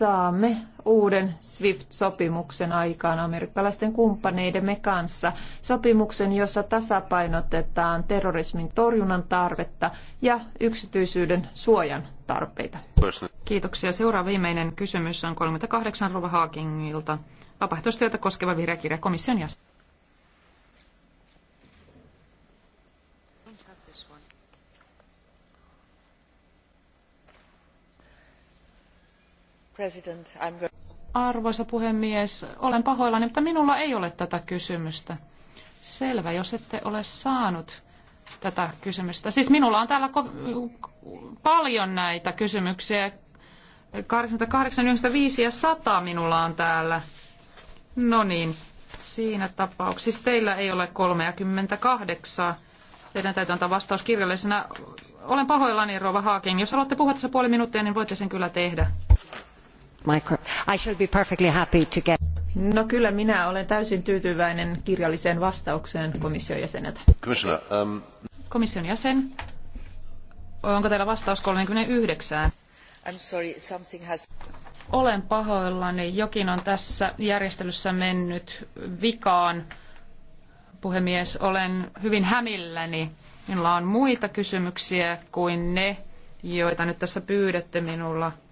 saamme uuden SWIFT-sopimuksen aikaan amerikkalaisten kumppaneidemme kanssa. Sopimuksen, jossa tasapainotetaan terrorismin torjunnan tarvetta ja yksityisyyden suojan tarpeita. Kiitoksia. Seuraava viimeinen kysymys on 38 Rova Haakingilta. Vapaaehtoistyötä koskeva vihreä kirja komission jäsen. Arvoisa puhemies, olen pahoillani, mutta minulla ei ole tätä kysymystä. Selvä, jos ette ole saanut tätä kysymystä. Siis minulla on täällä paljon näitä kysymyksiä. 88, 95 ja 100 minulla on täällä. No niin, siinä tapauksessa siis teillä ei ole 38. Teidän täytyy antaa vastaus kirjallisena. Olen pahoillani, Rova Haakin. Jos haluatte puhua tässä puoli minuuttia, niin voitte sen kyllä tehdä micro. I shall be perfectly happy to get... No kyllä minä olen täysin tyytyväinen kirjalliseen vastaukseen komission jäseneltä. Um... Komission jäsen, onko teillä vastaus 39? I'm sorry, something has... Olen pahoillani, jokin on tässä järjestelyssä mennyt vikaan. Puhemies, olen hyvin hämilläni. Minulla on muita kysymyksiä kuin ne, joita nyt tässä pyydätte minulla –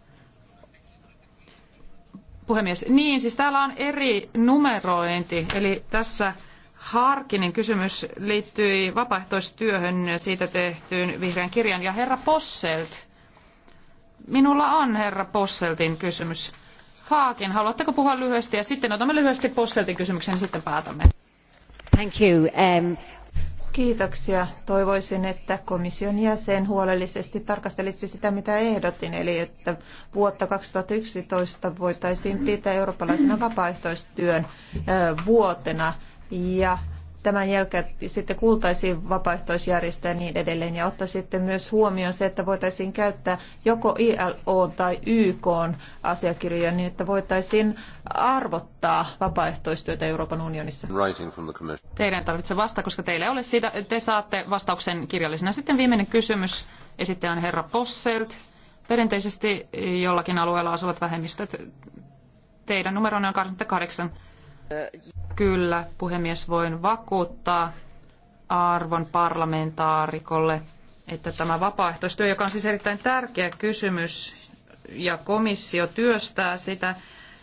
puhemies. Niin, siis täällä on eri numerointi, eli tässä Harkinin kysymys liittyi vapaaehtoistyöhön ja siitä tehtyyn vihreän kirjan. Ja herra Posselt, minulla on herra Posseltin kysymys. Haakin, haluatteko puhua lyhyesti ja sitten otamme lyhyesti Posseltin kysymyksen ja sitten päätämme. Thank you. Um, Kiitoksia. Toivoisin, että komission jäsen huolellisesti tarkastelisi sitä, mitä ehdotin, eli että vuotta 2011 voitaisiin pitää eurooppalaisena vapaaehtoistyön vuotena ja tämän jälkeen sitten kuultaisiin vapaaehtoisjärjestöjä ja niin edelleen ja ottaa sitten myös huomioon se, että voitaisiin käyttää joko ILO tai YK asiakirjoja niin, että voitaisiin arvottaa vapaaehtoistyötä Euroopan unionissa. Teidän tarvitsee vastata, koska teillä ei ole siitä. Te saatte vastauksen kirjallisena. Sitten viimeinen kysymys esittäjän herra Posselt. Perinteisesti jollakin alueella asuvat vähemmistöt. Teidän numeronne on 28. Kyllä, puhemies, voin vakuuttaa arvon parlamentaarikolle, että tämä vapaaehtoistyö, joka on siis erittäin tärkeä kysymys ja komissio työstää sitä,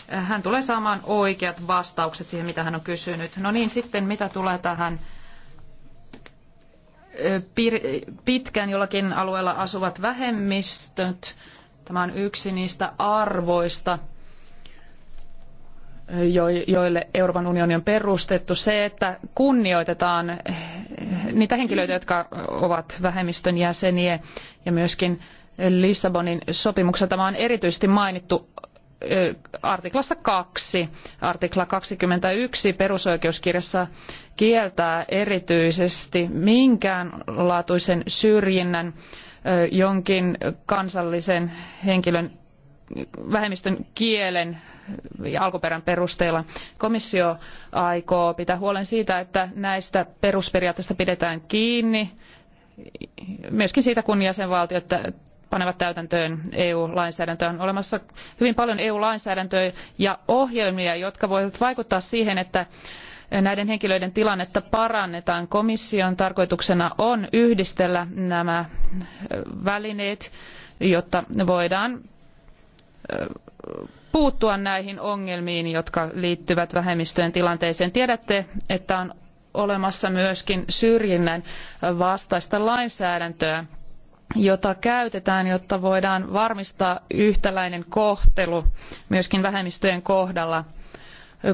hän tulee saamaan oikeat vastaukset siihen, mitä hän on kysynyt. No niin, sitten mitä tulee tähän pitkään jollakin alueella asuvat vähemmistöt. Tämä on yksi niistä arvoista, joille Euroopan unioni on perustettu, se, että kunnioitetaan eh, niitä henkilöitä, jotka ovat vähemmistön jäseniä ja myöskin Lissabonin sopimuksessa tämä on erityisesti mainittu eh, artiklassa 2. Artikla 21 perusoikeuskirjassa kieltää erityisesti minkäänlaatuisen syrjinnän eh, jonkin kansallisen henkilön vähemmistön kielen ja alkuperän perusteella. Komissio aikoo pitää huolen siitä, että näistä perusperiaatteista pidetään kiinni, myöskin siitä, kun jäsenvaltiot panevat täytäntöön EU-lainsäädäntöä. On olemassa hyvin paljon EU-lainsäädäntöä ja ohjelmia, jotka voivat vaikuttaa siihen, että näiden henkilöiden tilannetta parannetaan. Komission tarkoituksena on yhdistellä nämä välineet, jotta voidaan puuttua näihin ongelmiin, jotka liittyvät vähemmistöjen tilanteeseen. Tiedätte, että on olemassa myöskin syrjinnän vastaista lainsäädäntöä, jota käytetään, jotta voidaan varmistaa yhtäläinen kohtelu myöskin vähemmistöjen kohdalla.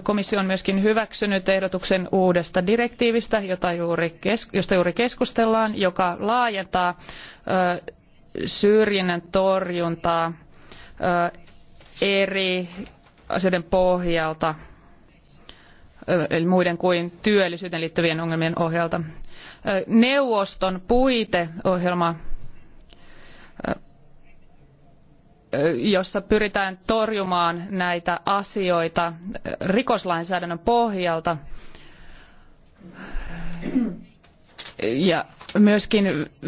Komissio on myöskin hyväksynyt ehdotuksen uudesta direktiivistä, jota juuri josta juuri keskustellaan, joka laajentaa syrjinnän torjuntaa eri asioiden pohjalta, eli muiden kuin työllisyyteen liittyvien ongelmien ohjelta. Neuvoston puiteohjelma, jossa pyritään torjumaan näitä asioita rikoslainsäädännön pohjalta, ja myöskin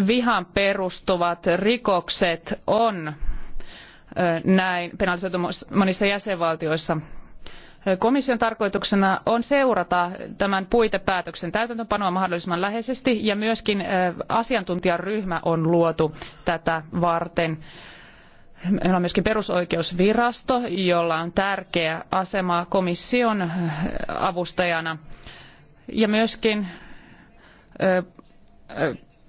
vihan perustuvat rikokset on näin penalisoitu monissa jäsenvaltioissa. Komission tarkoituksena on seurata tämän puitepäätöksen täytäntöönpanoa mahdollisimman läheisesti ja myöskin asiantuntijaryhmä on luotu tätä varten. Meillä on myöskin perusoikeusvirasto, jolla on tärkeä asema komission avustajana. Ja myöskin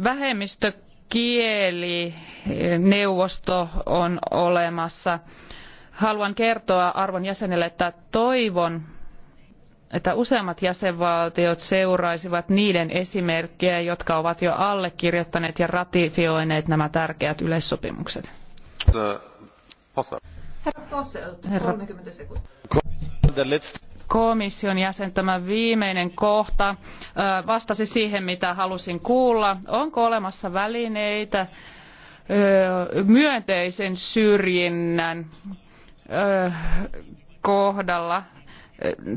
vähemmistö kielineuvosto on olemassa. Haluan kertoa arvon jäsenelle, että toivon, että useammat jäsenvaltiot seuraisivat niiden esimerkkejä, jotka ovat jo allekirjoittaneet ja ratifioineet nämä tärkeät yleissopimukset. Herra Posselt, 30 sekuntia komission jäsen tämä viimeinen kohta vastasi siihen, mitä halusin kuulla. Onko olemassa välineitä myönteisen syrjinnän kohdalla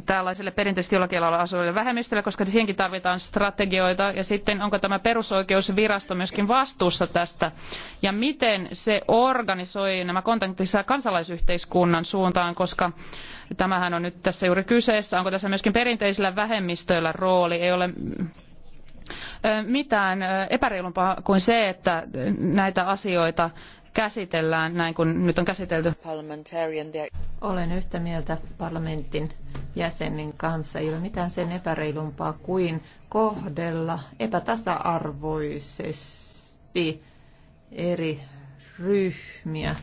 tällaiselle perinteisesti jollakin alalla asuville vähemmistölle, koska siihenkin tarvitaan strategioita. Ja sitten onko tämä perusoikeusvirasto myöskin vastuussa tästä? Ja miten se organisoi nämä kontaktinsa kansalaisyhteiskunnan suuntaan, koska Tämähän on nyt tässä juuri kyseessä. Onko tässä myöskin perinteisillä vähemmistöillä rooli? Ei ole mitään epäreilumpaa kuin se, että näitä asioita käsitellään näin kuin nyt on käsitelty. Olen yhtä mieltä parlamentin jäsenen kanssa. Ei ole mitään sen epäreilumpaa kuin kohdella epätasa-arvoisesti eri ryhmiä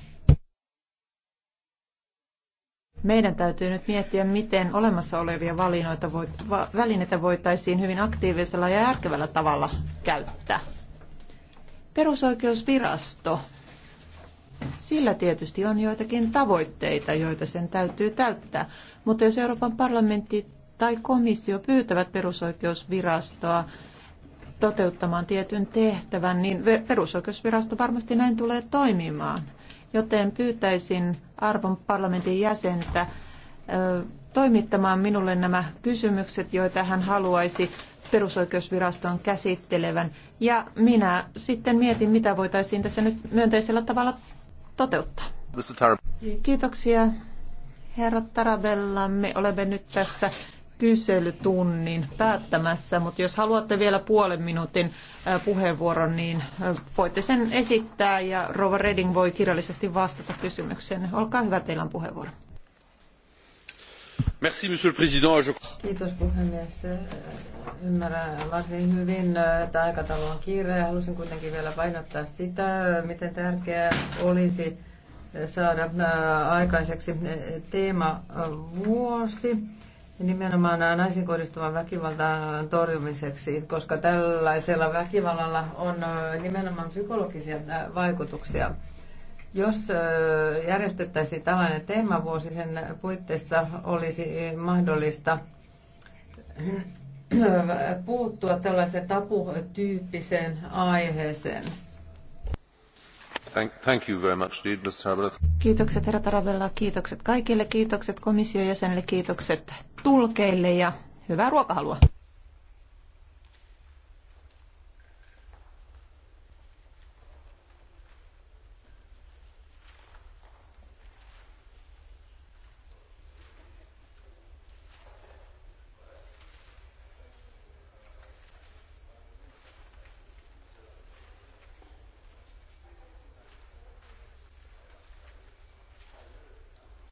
meidän täytyy nyt miettiä, miten olemassa olevia valinoita voit, va, välineitä voitaisiin hyvin aktiivisella ja järkevällä tavalla käyttää. Perusoikeusvirasto. Sillä tietysti on joitakin tavoitteita, joita sen täytyy täyttää. Mutta jos Euroopan parlamentti tai komissio pyytävät perusoikeusvirastoa toteuttamaan tietyn tehtävän, niin perusoikeusvirasto varmasti näin tulee toimimaan – joten pyytäisin arvon parlamentin jäsentä toimittamaan minulle nämä kysymykset, joita hän haluaisi perusoikeusviraston käsittelevän. Ja minä sitten mietin, mitä voitaisiin tässä nyt myönteisellä tavalla toteuttaa. Kiitoksia, herra Tarabella. Me olemme nyt tässä kyselytunnin päättämässä, mutta jos haluatte vielä puolen minuutin puheenvuoron, niin voitte sen esittää ja Rova Reding voi kirjallisesti vastata kysymykseen. Olkaa hyvä, teillä on puheenvuoro. Merci, monsieur le président. Kiitos puhemies. Ymmärrän varsin hyvin, että aikataulu on kiire. Halusin kuitenkin vielä painottaa sitä, miten tärkeää olisi saada aikaiseksi teema vuosi nimenomaan naisiin kohdistuvan väkivaltaan torjumiseksi, koska tällaisella väkivallalla on nimenomaan psykologisia vaikutuksia. Jos järjestettäisiin tällainen teemavuosi, sen puitteissa olisi mahdollista puuttua tällaiseen tapu-tyyppiseen aiheeseen. Thank, you very much indeed, Mr. Tarabella. Kiitokset herra Tarabella, kiitokset kaikille, kiitokset komission jäsenille, kiitokset tulkeille ja hyvää ruokahalua.